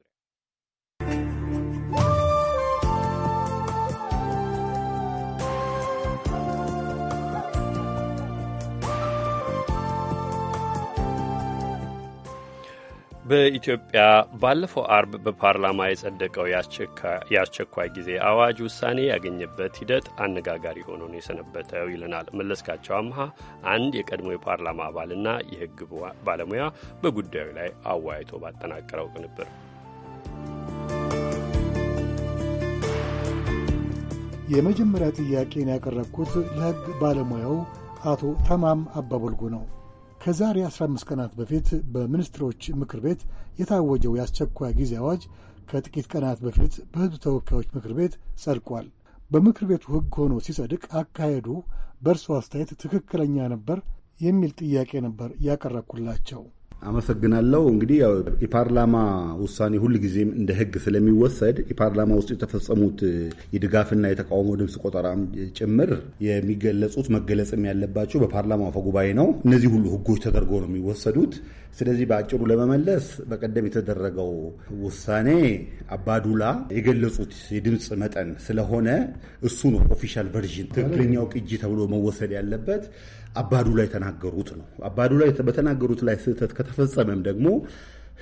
በኢትዮጵያ ባለፈው አርብ በፓርላማ የጸደቀው የአስቸኳይ ጊዜ አዋጅ ውሳኔ ያገኘበት ሂደት አነጋጋሪ ሆኖ ነው የሰነበተው ይለናል መለስካቸው አምሃ አንድ የቀድሞ የፓርላማ አባልና የሕግ ባለሙያ በጉዳዩ ላይ አወያይቶ ባጠናቀረው ቅንብር የመጀመሪያ ጥያቄን ያቀረብኩት ለሕግ ባለሙያው አቶ ተማም አባቦልጉ ነው። ከዛሬ 15 ቀናት በፊት በሚኒስትሮች ምክር ቤት የታወጀው የአስቸኳይ ጊዜ አዋጅ ከጥቂት ቀናት በፊት በሕዝብ ተወካዮች ምክር ቤት ጸድቋል። በምክር ቤቱ ሕግ ሆኖ ሲጸድቅ አካሄዱ በእርሶ አስተያየት ትክክለኛ ነበር የሚል ጥያቄ ነበር ያቀረብኩላቸው። አመሰግናለሁ። እንግዲህ ያው የፓርላማ ውሳኔ ጊዜም እንደ ሕግ ስለሚወሰድ የፓርላማ ውስጥ የተፈጸሙት የድጋፍና የተቃውሞ ድምፅ ቆጠራም ጭምር የሚገለጹት መገለጽም ያለባቸው በፓርላማ አፈ ጉባኤ ነው። እነዚህ ሁሉ ሕጎች ተደርጎ ነው የሚወሰዱት። ስለዚህ በአጭሩ ለመመለስ በቀደም የተደረገው ውሳኔ አባዱላ የገለጹት የድምፅ መጠን ስለሆነ እሱ ነው ኦፊሻል ቨርዥን ትክክለኛው ቅጂ ተብሎ መወሰድ ያለበት። ላይ የተናገሩት ነው። ላይ በተናገሩት ላይ ስህተት ከተፈጸመም ደግሞ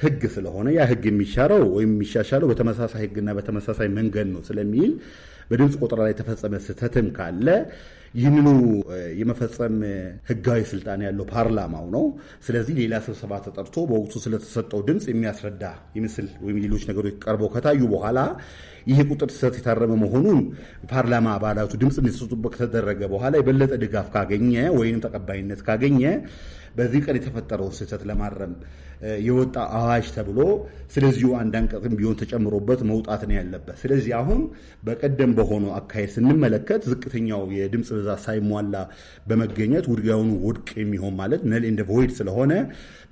ህግ ስለሆነ ያ ህግ የሚሻረው ወይም የሚሻሻለው በተመሳሳይ ህግና በተመሳሳይ መንገድ ነው ስለሚል በድምፅ ቆጠራ ላይ የተፈጸመ ስህተትም ካለ ይህንኑ የመፈጸም ህጋዊ ስልጣን ያለው ፓርላማው ነው። ስለዚህ ሌላ ስብሰባ ተጠርቶ በወቅቱ ስለተሰጠው ድምፅ የሚያስረዳ ይምስል ወይም ሌሎች ነገሮች ቀርበው ከታዩ በኋላ ይህ ቁጥር ስህተት የታረመ መሆኑን ፓርላማ አባላቱ ድምፅ እንዲሰጡበት ከተደረገ በኋላ የበለጠ ድጋፍ ካገኘ ወይም ተቀባይነት ካገኘ በዚህ ቀን የተፈጠረውን ስህተት ለማረም የወጣ አዋጅ ተብሎ ስለዚሁ አንድ አንቀጽም ቢሆን ተጨምሮበት መውጣት ነው ያለበት። ስለዚህ አሁን በቀደም በሆነው አካሄድ ስንመለከት ዝቅተኛው የድምፅ ብዛት ሳይሟላ በመገኘት ውድጋውኑ ውድቅ የሚሆን ማለት ነል እንደ ቮይድ ስለሆነ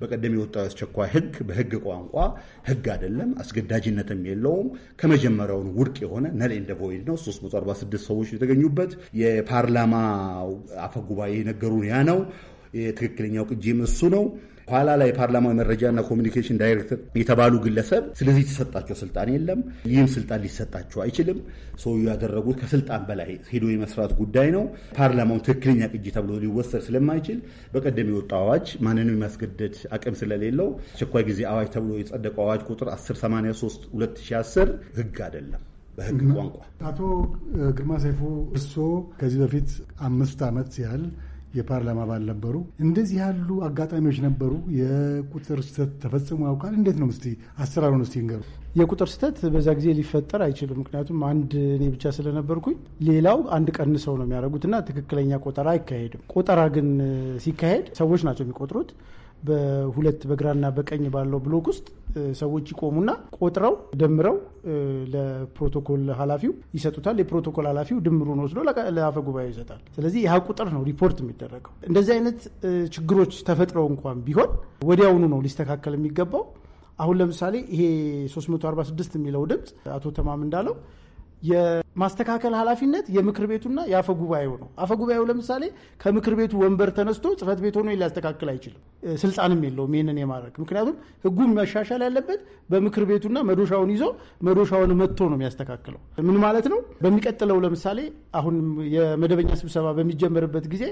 በቀደም የወጣው አስቸኳይ ህግ በህግ ቋንቋ ህግ አይደለም፣ አስገዳጅነትም የለውም። ከመጀመሪያውን ውድቅ የሆነ ነል እንደ ቮይድ ነው። 346 ሰዎች የተገኙበት የፓርላማ አፈጉባኤ የነገሩን ያ ነው። የትክክለኛው ቅጂም እሱ ነው። ኋላ ላይ መረጃ ና ኮሚኒኬሽን ዳይሬክተር የተባሉ ግለሰብ ስለዚህ የተሰጣቸው ስልጣን የለም። ይህም ስልጣን ሊሰጣቸው አይችልም። ሰውዩ ያደረጉት ከስልጣን በላይ ሄዶ የመስራት ጉዳይ ነው። ፓርላማውን ትክክለኛ ቅጂ ተብሎ ሊወሰድ ስለማይችል በቀደም የወጣው አዋጅ ማንንም የማስገደድ አቅም ስለሌለው አስቸኳይ ጊዜ አዋጅ ተብሎ የጸደቀው አዋጅ ቁጥር 183 2010 ህግ አይደለም። በህግ ቋንቋ አቶ ግርማ ሰይፉ እርስዎ ከዚህ በፊት አምስት ዓመት ያህል የፓርላማ አባል ነበሩ። እንደዚህ ያሉ አጋጣሚዎች ነበሩ። የቁጥር ስህተት ተፈጽሞ ያውቃል? እንዴት ነው ስ አሰራሩን ስ ይንገሩ። የቁጥር ስህተት በዛ ጊዜ ሊፈጠር አይችልም። ምክንያቱም አንድ እኔ ብቻ ስለነበርኩኝ ሌላው አንድ ቀን ሰው ነው የሚያደርጉትና ትክክለኛ ቆጠራ አይካሄድም። ቆጠራ ግን ሲካሄድ ሰዎች ናቸው የሚቆጥሩት። በሁለት በግራና በቀኝ ባለው ብሎክ ውስጥ ሰዎች ይቆሙና ቆጥረው ደምረው ለፕሮቶኮል ኃላፊው ይሰጡታል። የፕሮቶኮል ኃላፊው ድምሩን ወስዶ ለአፈ ጉባኤ ይሰጣል። ስለዚህ ያ ቁጥር ነው ሪፖርት የሚደረገው። እንደዚህ አይነት ችግሮች ተፈጥረው እንኳን ቢሆን ወዲያውኑ ነው ሊስተካከል የሚገባው። አሁን ለምሳሌ ይሄ 346 የሚለው ድምፅ አቶ ተማም እንዳለው የማስተካከል ኃላፊነት የምክር ቤቱና የአፈ ጉባኤው ነው። አፈ ጉባኤው ለምሳሌ ከምክር ቤቱ ወንበር ተነስቶ ጽህፈት ቤት ሆኖ ሊያስተካክል አይችልም፣ ስልጣንም የለውም ይህንን የማድረግ ምክንያቱም ህጉ መሻሻል ያለበት በምክር ቤቱና መዶሻውን ይዞ መዶሻውን መጥቶ ነው የሚያስተካክለው። ምን ማለት ነው? በሚቀጥለው ለምሳሌ አሁን የመደበኛ ስብሰባ በሚጀመርበት ጊዜ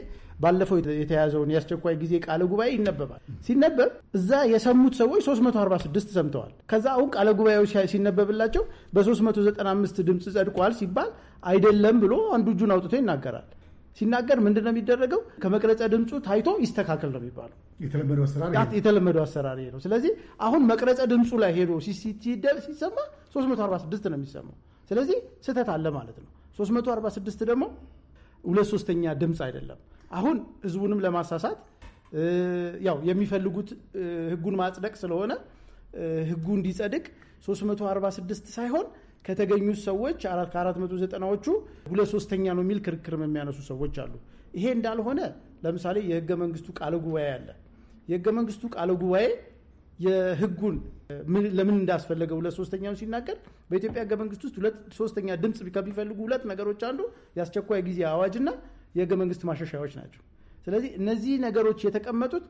ባለፈው የተያዘውን የአስቸኳይ ጊዜ ቃለ ጉባኤ ይነበባል። ሲነበብ እዛ የሰሙት ሰዎች 346 ሰምተዋል። ከዛ አሁን ቃለ ጉባኤው ሲነበብላቸው በ395 ድምፅ ጸድቋል ሲባል አይደለም ብሎ አንዱ እጁን አውጥቶ ይናገራል። ሲናገር ምንድን ነው የሚደረገው? ከመቅረጸ ድምፁ ታይቶ ይስተካከል ነው የሚባለው። የተለመደው አሰራር ነው። ስለዚህ አሁን መቅረጸ ድምፁ ላይ ሄዶ ሲሰማ 346 ነው የሚሰማው። ስለዚህ ስህተት አለ ማለት ነው። 346 ደግሞ ሁለት ሶስተኛ ድምፅ አይደለም። አሁን ህዝቡንም ለማሳሳት ያው የሚፈልጉት ህጉን ማጽደቅ ስለሆነ ህጉ እንዲጸድቅ 346 ሳይሆን ከተገኙት ሰዎች ከአራት መቶ ዘጠናዎቹ ሁለት ሶስተኛ ነው የሚል ክርክርም የሚያነሱ ሰዎች አሉ። ይሄ እንዳልሆነ ለምሳሌ የህገ መንግስቱ ቃለ ጉባኤ አለ። የህገ መንግስቱ ቃለ ጉባኤ የህጉን ለምን እንዳስፈለገ ሁለት ሶስተኛውን ሲናገር በኢትዮጵያ ህገ መንግስት ውስጥ ሁለት ሶስተኛ ድምፅ ከሚፈልጉ ሁለት ነገሮች አንዱ የአስቸኳይ ጊዜ አዋጅና የህገ መንግስት ማሻሻያዎች ናቸው። ስለዚህ እነዚህ ነገሮች የተቀመጡት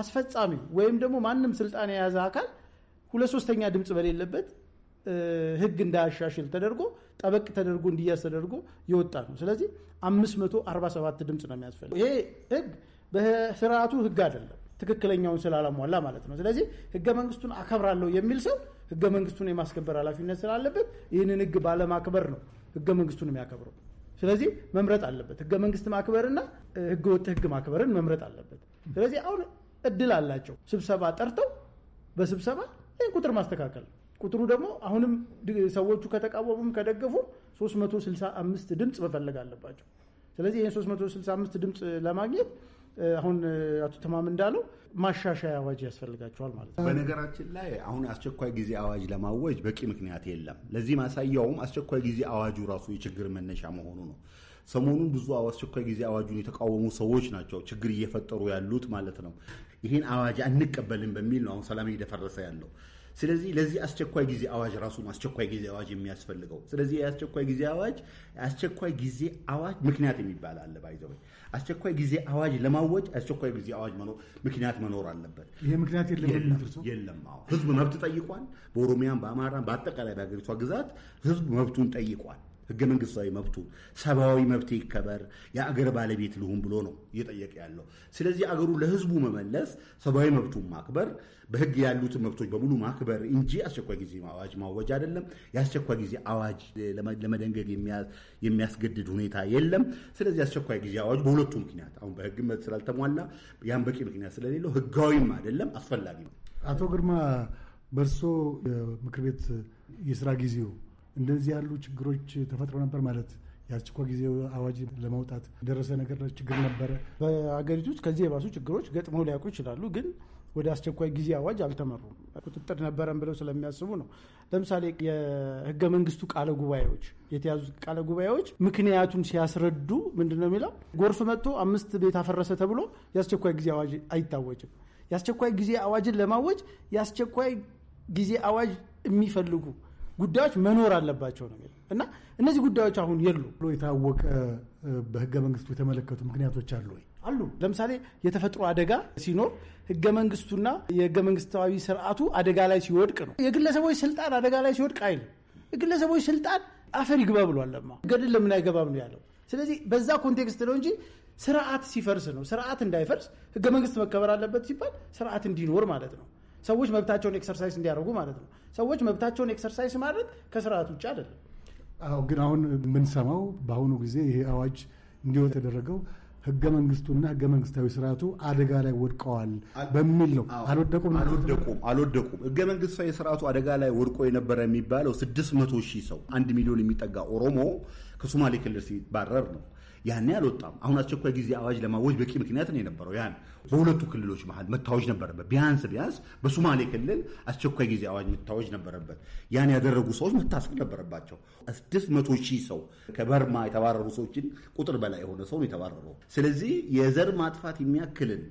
አስፈጻሚ ወይም ደግሞ ማንም ስልጣን የያዘ አካል ሁለት ሶስተኛ ድምፅ በሌለበት ህግ እንዳያሻሽል ተደርጎ ጠበቅ ተደርጎ እንዲያዝ ተደርጎ የወጣ ነው። ስለዚህ 547 ድምፅ ነው የሚያስፈልግ። ይሄ ህግ በስርዓቱ ህግ አይደለም፣ ትክክለኛውን ስላላሟላ ማለት ነው። ስለዚህ ህገ መንግስቱን አከብራለሁ የሚል ሰው ህገ መንግስቱን የማስከበር ኃላፊነት ስላለበት ይህንን ህግ ባለማክበር ነው ህገ መንግስቱን የሚያከብረው። ስለዚህ መምረጥ አለበት፣ ህገ መንግስት ማክበርና ህገ ወጥ ህግ ማክበርን መምረጥ አለበት። ስለዚህ አሁን እድል አላቸው፣ ስብሰባ ጠርተው በስብሰባ ይህን ቁጥር ማስተካከል ነው ቁጥሩ ደግሞ አሁንም ሰዎቹ ከተቃወሙም ከደገፉ 365 ድምፅ መፈለግ አለባቸው። ስለዚህ ይህን 365 ድምፅ ለማግኘት አሁን አቶ ተማም እንዳለው ማሻሻያ አዋጅ ያስፈልጋቸዋል ማለት ነው። በነገራችን ላይ አሁን አስቸኳይ ጊዜ አዋጅ ለማወጅ በቂ ምክንያት የለም። ለዚህ ማሳያውም አስቸኳይ ጊዜ አዋጁ ራሱ የችግር መነሻ መሆኑ ነው። ሰሞኑን ብዙ አስቸኳይ ጊዜ አዋጁን የተቃወሙ ሰዎች ናቸው ችግር እየፈጠሩ ያሉት ማለት ነው። ይህን አዋጅ አንቀበልም በሚል ነው አሁን ሰላም እየደፈረሰ ያለው። ስለዚህ ለዚህ አስቸኳይ ጊዜ አዋጅ ራሱ አስቸኳይ ጊዜ አዋጅ የሚያስፈልገው ስለዚህ የአስቸኳይ ጊዜ አዋጅ አስቸኳይ ጊዜ አዋጅ ምክንያት የሚባል አለ። ባይዘው አስቸኳይ ጊዜ አዋጅ ለማወጅ አስቸኳይ ጊዜ አዋጅ መኖር ምክንያት መኖር አለበት። ይሄ ምክንያት የለም። ህዝብ መብት ጠይቋል። በኦሮሚያን በአማራን በአጠቃላይ በሀገሪቷ ግዛት ህዝብ መብቱን ጠይቋል። ህገ መንግስታዊ መብቱ ሰብአዊ መብት ይከበር፣ የአገር ባለቤት ልሁን ብሎ ነው እየጠየቀ ያለው። ስለዚህ አገሩ ለህዝቡ መመለስ፣ ሰብአዊ መብቱን ማክበር፣ በህግ ያሉትን መብቶች በሙሉ ማክበር እንጂ አስቸኳይ ጊዜ አዋጅ ማወጅ አይደለም። የአስቸኳይ ጊዜ አዋጅ ለመደንገግ የሚያስገድድ ሁኔታ የለም። ስለዚህ አስቸኳይ ጊዜ አዋጅ በሁለቱ ምክንያት አሁን በህግ ስላልተሟላ ያን በቂ ምክንያት ስለሌለው ህጋዊም አይደለም አስፈላጊ ነው። አቶ ግርማ በእርሶ የምክር ቤት የስራ ጊዜው እንደዚህ ያሉ ችግሮች ተፈጥሮ ነበር ማለት የአስቸኳይ ጊዜ አዋጅ ለማውጣት የደረሰ ነገር ችግር ነበረ። በአገሪቱ ውስጥ ከዚህ የባሱ ችግሮች ገጥመው ሊያውቁ ይችላሉ፣ ግን ወደ አስቸኳይ ጊዜ አዋጅ አልተመሩም። ቁጥጥር ነበረን ብለው ስለሚያስቡ ነው። ለምሳሌ የህገ መንግስቱ ቃለ ጉባኤዎች የተያዙት ቃለ ጉባኤዎች ምክንያቱን ሲያስረዱ ምንድን ነው የሚለው? ጎርፍ መጥቶ አምስት ቤት አፈረሰ ተብሎ የአስቸኳይ ጊዜ አዋጅ አይታወጅም። የአስቸኳይ ጊዜ አዋጅን ለማወጅ የአስቸኳይ ጊዜ አዋጅ የሚፈልጉ ጉዳዮች መኖር አለባቸው ነው እና እነዚህ ጉዳዮች አሁን የሉ የታወቀ በህገ መንግስቱ የተመለከቱ ምክንያቶች አሉ ወይ? አሉ። ለምሳሌ የተፈጥሮ አደጋ ሲኖር ህገ መንግስቱና የህገ መንግስታዊ ስርዓቱ አደጋ ላይ ሲወድቅ ነው። የግለሰቦች ስልጣን አደጋ ላይ ሲወድቅ አይልም። የግለሰቦች ስልጣን አፈር ይግባ ብሏል። ለማ ገድል ለምን አይገባም ነው ያለው። ስለዚህ በዛ ኮንቴክስት ነው እንጂ ስርዓት ሲፈርስ ነው። ስርዓት እንዳይፈርስ ህገ መንግስት መከበር አለበት ሲባል ስርዓት እንዲኖር ማለት ነው። ሰዎች መብታቸውን ኤክሰርሳይዝ እንዲያደርጉ ማለት ነው። ሰዎች መብታቸውን ኤክሰርሳይዝ ማድረግ ከስርዓት ውጭ አይደለም። አዎ፣ ግን አሁን የምንሰማው በአሁኑ ጊዜ ይሄ አዋጅ እንዲወጣ የተደረገው ህገ መንግስቱና ህገ መንግስታዊ ስርዓቱ አደጋ ላይ ወድቀዋል በሚል ነው። አልወደቁም አልወደቁም አልወደቁም። ህገ መንግስታዊ ስርዓቱ አደጋ ላይ ወድቆ የነበረ የሚባለው ስድስት መቶ ሺህ ሰው አንድ ሚሊዮን የሚጠጋ ኦሮሞ ከሶማሌ ክልል ሲባረር ነው። ያኔ አልወጣም። አሁን አስቸኳይ ጊዜ አዋጅ ለማወጅ በቂ ምክንያት ነው የነበረው። ያን በሁለቱ ክልሎች መሀል መታወጅ ነበረበት። ቢያንስ ቢያንስ በሶማሌ ክልል አስቸኳይ ጊዜ አዋጅ መታወጅ ነበረበት። ያን ያደረጉ ሰዎች መታሰር ነበረባቸው። ስድስት መቶ ሺህ ሰው ከበርማ የተባረሩ ሰዎችን ቁጥር በላይ የሆነ ሰው የተባረረው። ስለዚህ የዘር ማጥፋት የሚያክልን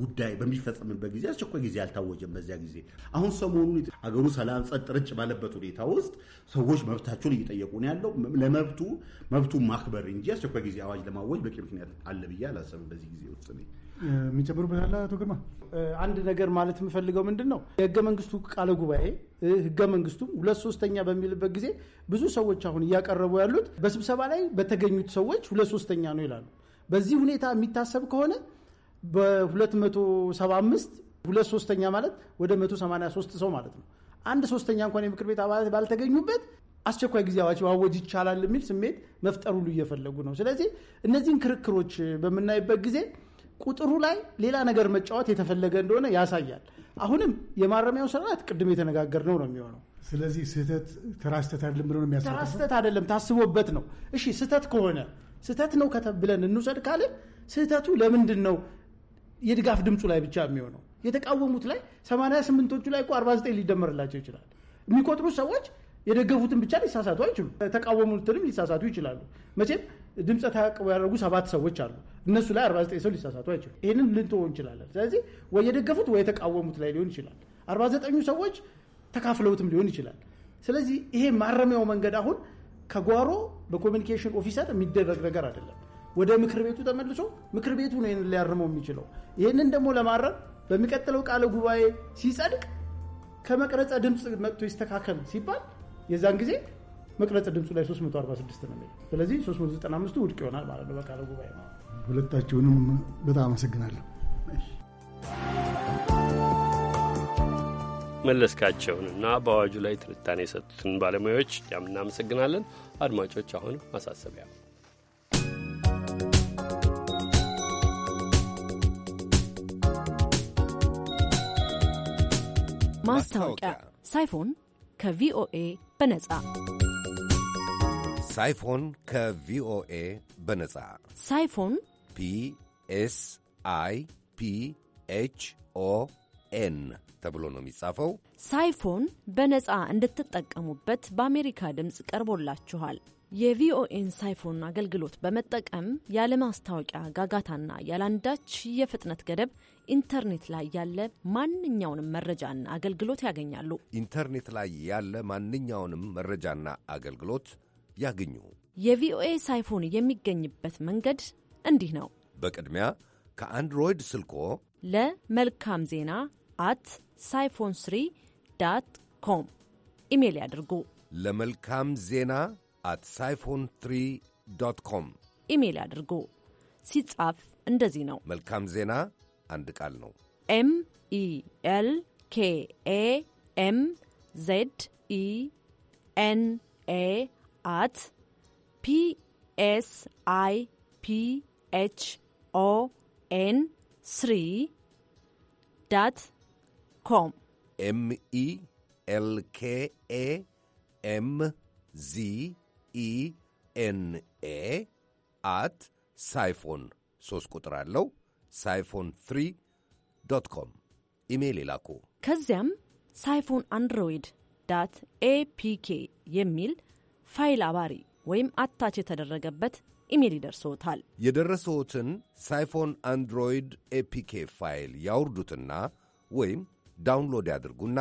ጉዳይ በሚፈጸምበት ጊዜ አስቸኳይ ጊዜ አልታወጀም። በዚያ ጊዜ አሁን ሰሞኑን ሀገሩ ሰላም ጸጥ ርጭ ባለበት ሁኔታ ውስጥ ሰዎች መብታቸውን እየጠየቁ ነው ያለው። ለመብቱ መብቱ ማክበር እንጂ አስቸኳይ ጊዜ አዋጅ ለማወጅ በቂ ምክንያት አለ ብዬ አላሰብም። በዚህ ጊዜ ውስጥ እኔ የሚጨምሩ አለ። አቶ ግርማ፣ አንድ ነገር ማለት የምፈልገው ምንድን ነው የህገ መንግስቱ ቃለ ጉባኤ ህገ መንግስቱም ሁለት ሶስተኛ በሚልበት ጊዜ ብዙ ሰዎች አሁን እያቀረቡ ያሉት በስብሰባ ላይ በተገኙት ሰዎች ሁለት ሶስተኛ ነው ይላሉ። በዚህ ሁኔታ የሚታሰብ ከሆነ በ275 ሁለት ሶስተኛ ማለት ወደ 183 ሰው ማለት ነው። አንድ ሶስተኛ እንኳን የምክር ቤት አባላት ባልተገኙበት አስቸኳይ ጊዜ አዋጅ ማወጅ ይቻላል የሚል ስሜት መፍጠር ሁሉ እየፈለጉ ነው። ስለዚህ እነዚህን ክርክሮች በምናይበት ጊዜ ቁጥሩ ላይ ሌላ ነገር መጫወት የተፈለገ እንደሆነ ያሳያል። አሁንም የማረሚያው ስርዓት ቅድም የተነጋገርነው ነው የሚሆነው። ስለዚህ ስህተት ተራ ስህተት አይደለም ብሎ ነው ተራ ስህተት አይደለም ታስቦበት ነው። እሺ ስህተት ከሆነ ስህተት ነው ብለን እንውሰድ ካለ ስህተቱ ለምንድን ነው የድጋፍ ድምፁ ላይ ብቻ የሚሆነው የተቃወሙት ላይ 88ዎቹ ላይ እኮ 49 ሊደመርላቸው ይችላል። የሚቆጥሩት ሰዎች የደገፉትን ብቻ ሊሳሳቱ አይችሉም። ተቃወሙትንም ሊሳሳቱ ይችላሉ። መቼም ድምፀ ተአቅቦ ያደረጉ ሰባት ሰዎች አሉ። እነሱ ላይ 49 ሰው ሊሳሳቱ አይችሉም። ይህንን ልንተወው እንችላለን። ስለዚህ ወይ የደገፉት ወይ የተቃወሙት ላይ ሊሆን ይችላል። 49ኙ ሰዎች ተካፍለውትም ሊሆን ይችላል። ስለዚህ ይሄ ማረሚያው መንገድ አሁን ከጓሮ በኮሚኒኬሽን ኦፊሰር የሚደረግ ነገር አይደለም። ወደ ምክር ቤቱ ተመልሶ ምክር ቤቱ ነው ይህን ሊያርመው የሚችለው። ይህንን ደግሞ ለማረም በሚቀጥለው ቃለ ጉባኤ ሲጸድቅ ከመቅረጸ ድምፅ መጥቶ ይስተካከል ሲባል የዛን ጊዜ መቅረጸ ድምፁ ላይ 346 ነው። ስለዚህ 395 ውድቅ ይሆናል ማለት ነው በቃለ ጉባኤ። ሁለታችሁንም በጣም አመሰግናለሁ። መለስካቸውንና በአዋጁ ላይ ትንታኔ የሰጡትን ባለሙያዎች ያም እናመሰግናለን። አድማጮች አሁን ማሳሰቢያ ማስታወቂያ ሳይፎን ከቪኦኤ በነጻ ሳይፎን ከቪኦኤ በነጻ ሳይፎን ፒ አይ ፒ ኤች ኦ ኤን ተብሎ ነው የሚጻፈው። ሳይፎን በነጻ እንድትጠቀሙበት በአሜሪካ ድምፅ ቀርቦላችኋል። የቪኦኤን ሳይፎን አገልግሎት በመጠቀም ያለ ማስታወቂያ ጋጋታና ያለአንዳች የፍጥነት ገደብ ኢንተርኔት ላይ ያለ ማንኛውንም መረጃና አገልግሎት ያገኛሉ። ኢንተርኔት ላይ ያለ ማንኛውንም መረጃና አገልግሎት ያገኙ። የቪኦኤ ሳይፎን የሚገኝበት መንገድ እንዲህ ነው። በቅድሚያ ከአንድሮይድ ስልኮ ለመልካም ዜና አት ሳይፎን ስሪ ዳት ኮም ኢሜይል ያድርጉ። ለመልካም ዜና አት ሳይፎን ትሪ ዶት ኮም ኢሜይል ያድርጉ። ሲጻፍ እንደዚህ ነው። መልካም ዜና አንድ ቃል ነው። ኤም ኢ ኤል ኬ ኤ ኤም ዜድ ኢ ኤን ኤ አት ፒ ኤስ አይ ፒ ኤች ኦ ኤን ስሪ ዳት ኮም ኤም ኢ ኤል ኬ ኤ ኤም ዚ ኢ ኤን ኤ አት ሳይፎን ሶስት ቁጥር አለው ሳይፎን ትሪ ዶት ኮም ኢሜይል ይላኩ። ከዚያም ሳይፎን አንድሮይድ ዳት ኤፒኬ የሚል ፋይል አባሪ ወይም አታች የተደረገበት ኢሜይል ይደርሶታል። የደረሰዎትን ሳይፎን አንድሮይድ ኤፒኬ ፋይል ያውርዱትና ወይም ዳውንሎድ ያድርጉና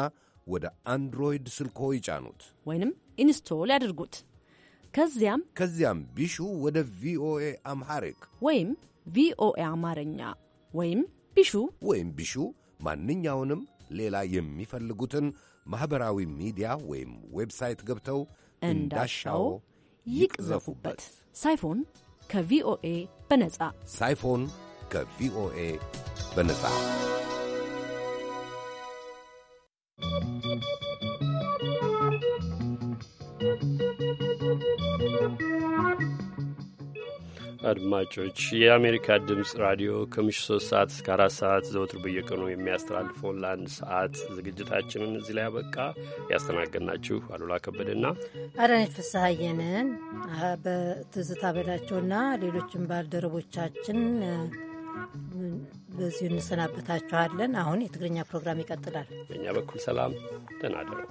ወደ አንድሮይድ ስልኮ ይጫኑት ወይንም ኢንስቶል ያድርጉት። ከዚያም ከዚያም ቢሹ ወደ ቪኦኤ አምሐሪክ ወይም ቪኦኤ አማርኛ ወይም ቢሹ ወይም ቢሹ ማንኛውንም ሌላ የሚፈልጉትን ማኅበራዊ ሚዲያ ወይም ዌብሳይት ገብተው እንዳሻው ይቅዘፉበት። ሳይፎን ከቪኦኤ በነጻ ሳይፎን ከቪኦኤ በነጻ አድማጮች የአሜሪካ ድምፅ ራዲዮ ከምሽቱ 3 ሰዓት እስከ 4 ሰዓት ዘወትር በየቀኑ የሚያስተላልፈውን ለአንድ ሰዓት ዝግጅታችንን እዚህ ላይ አበቃ። ያስተናገድናችሁ አሉላ ከበደና አዳነች ፍስሐየንን በትዝታ በላቸውና ሌሎችን ባልደረቦቻችን በዚሁ እንሰናበታችኋለን። አሁን የትግርኛ ፕሮግራም ይቀጥላል። በእኛ በኩል ሰላም ተናደረው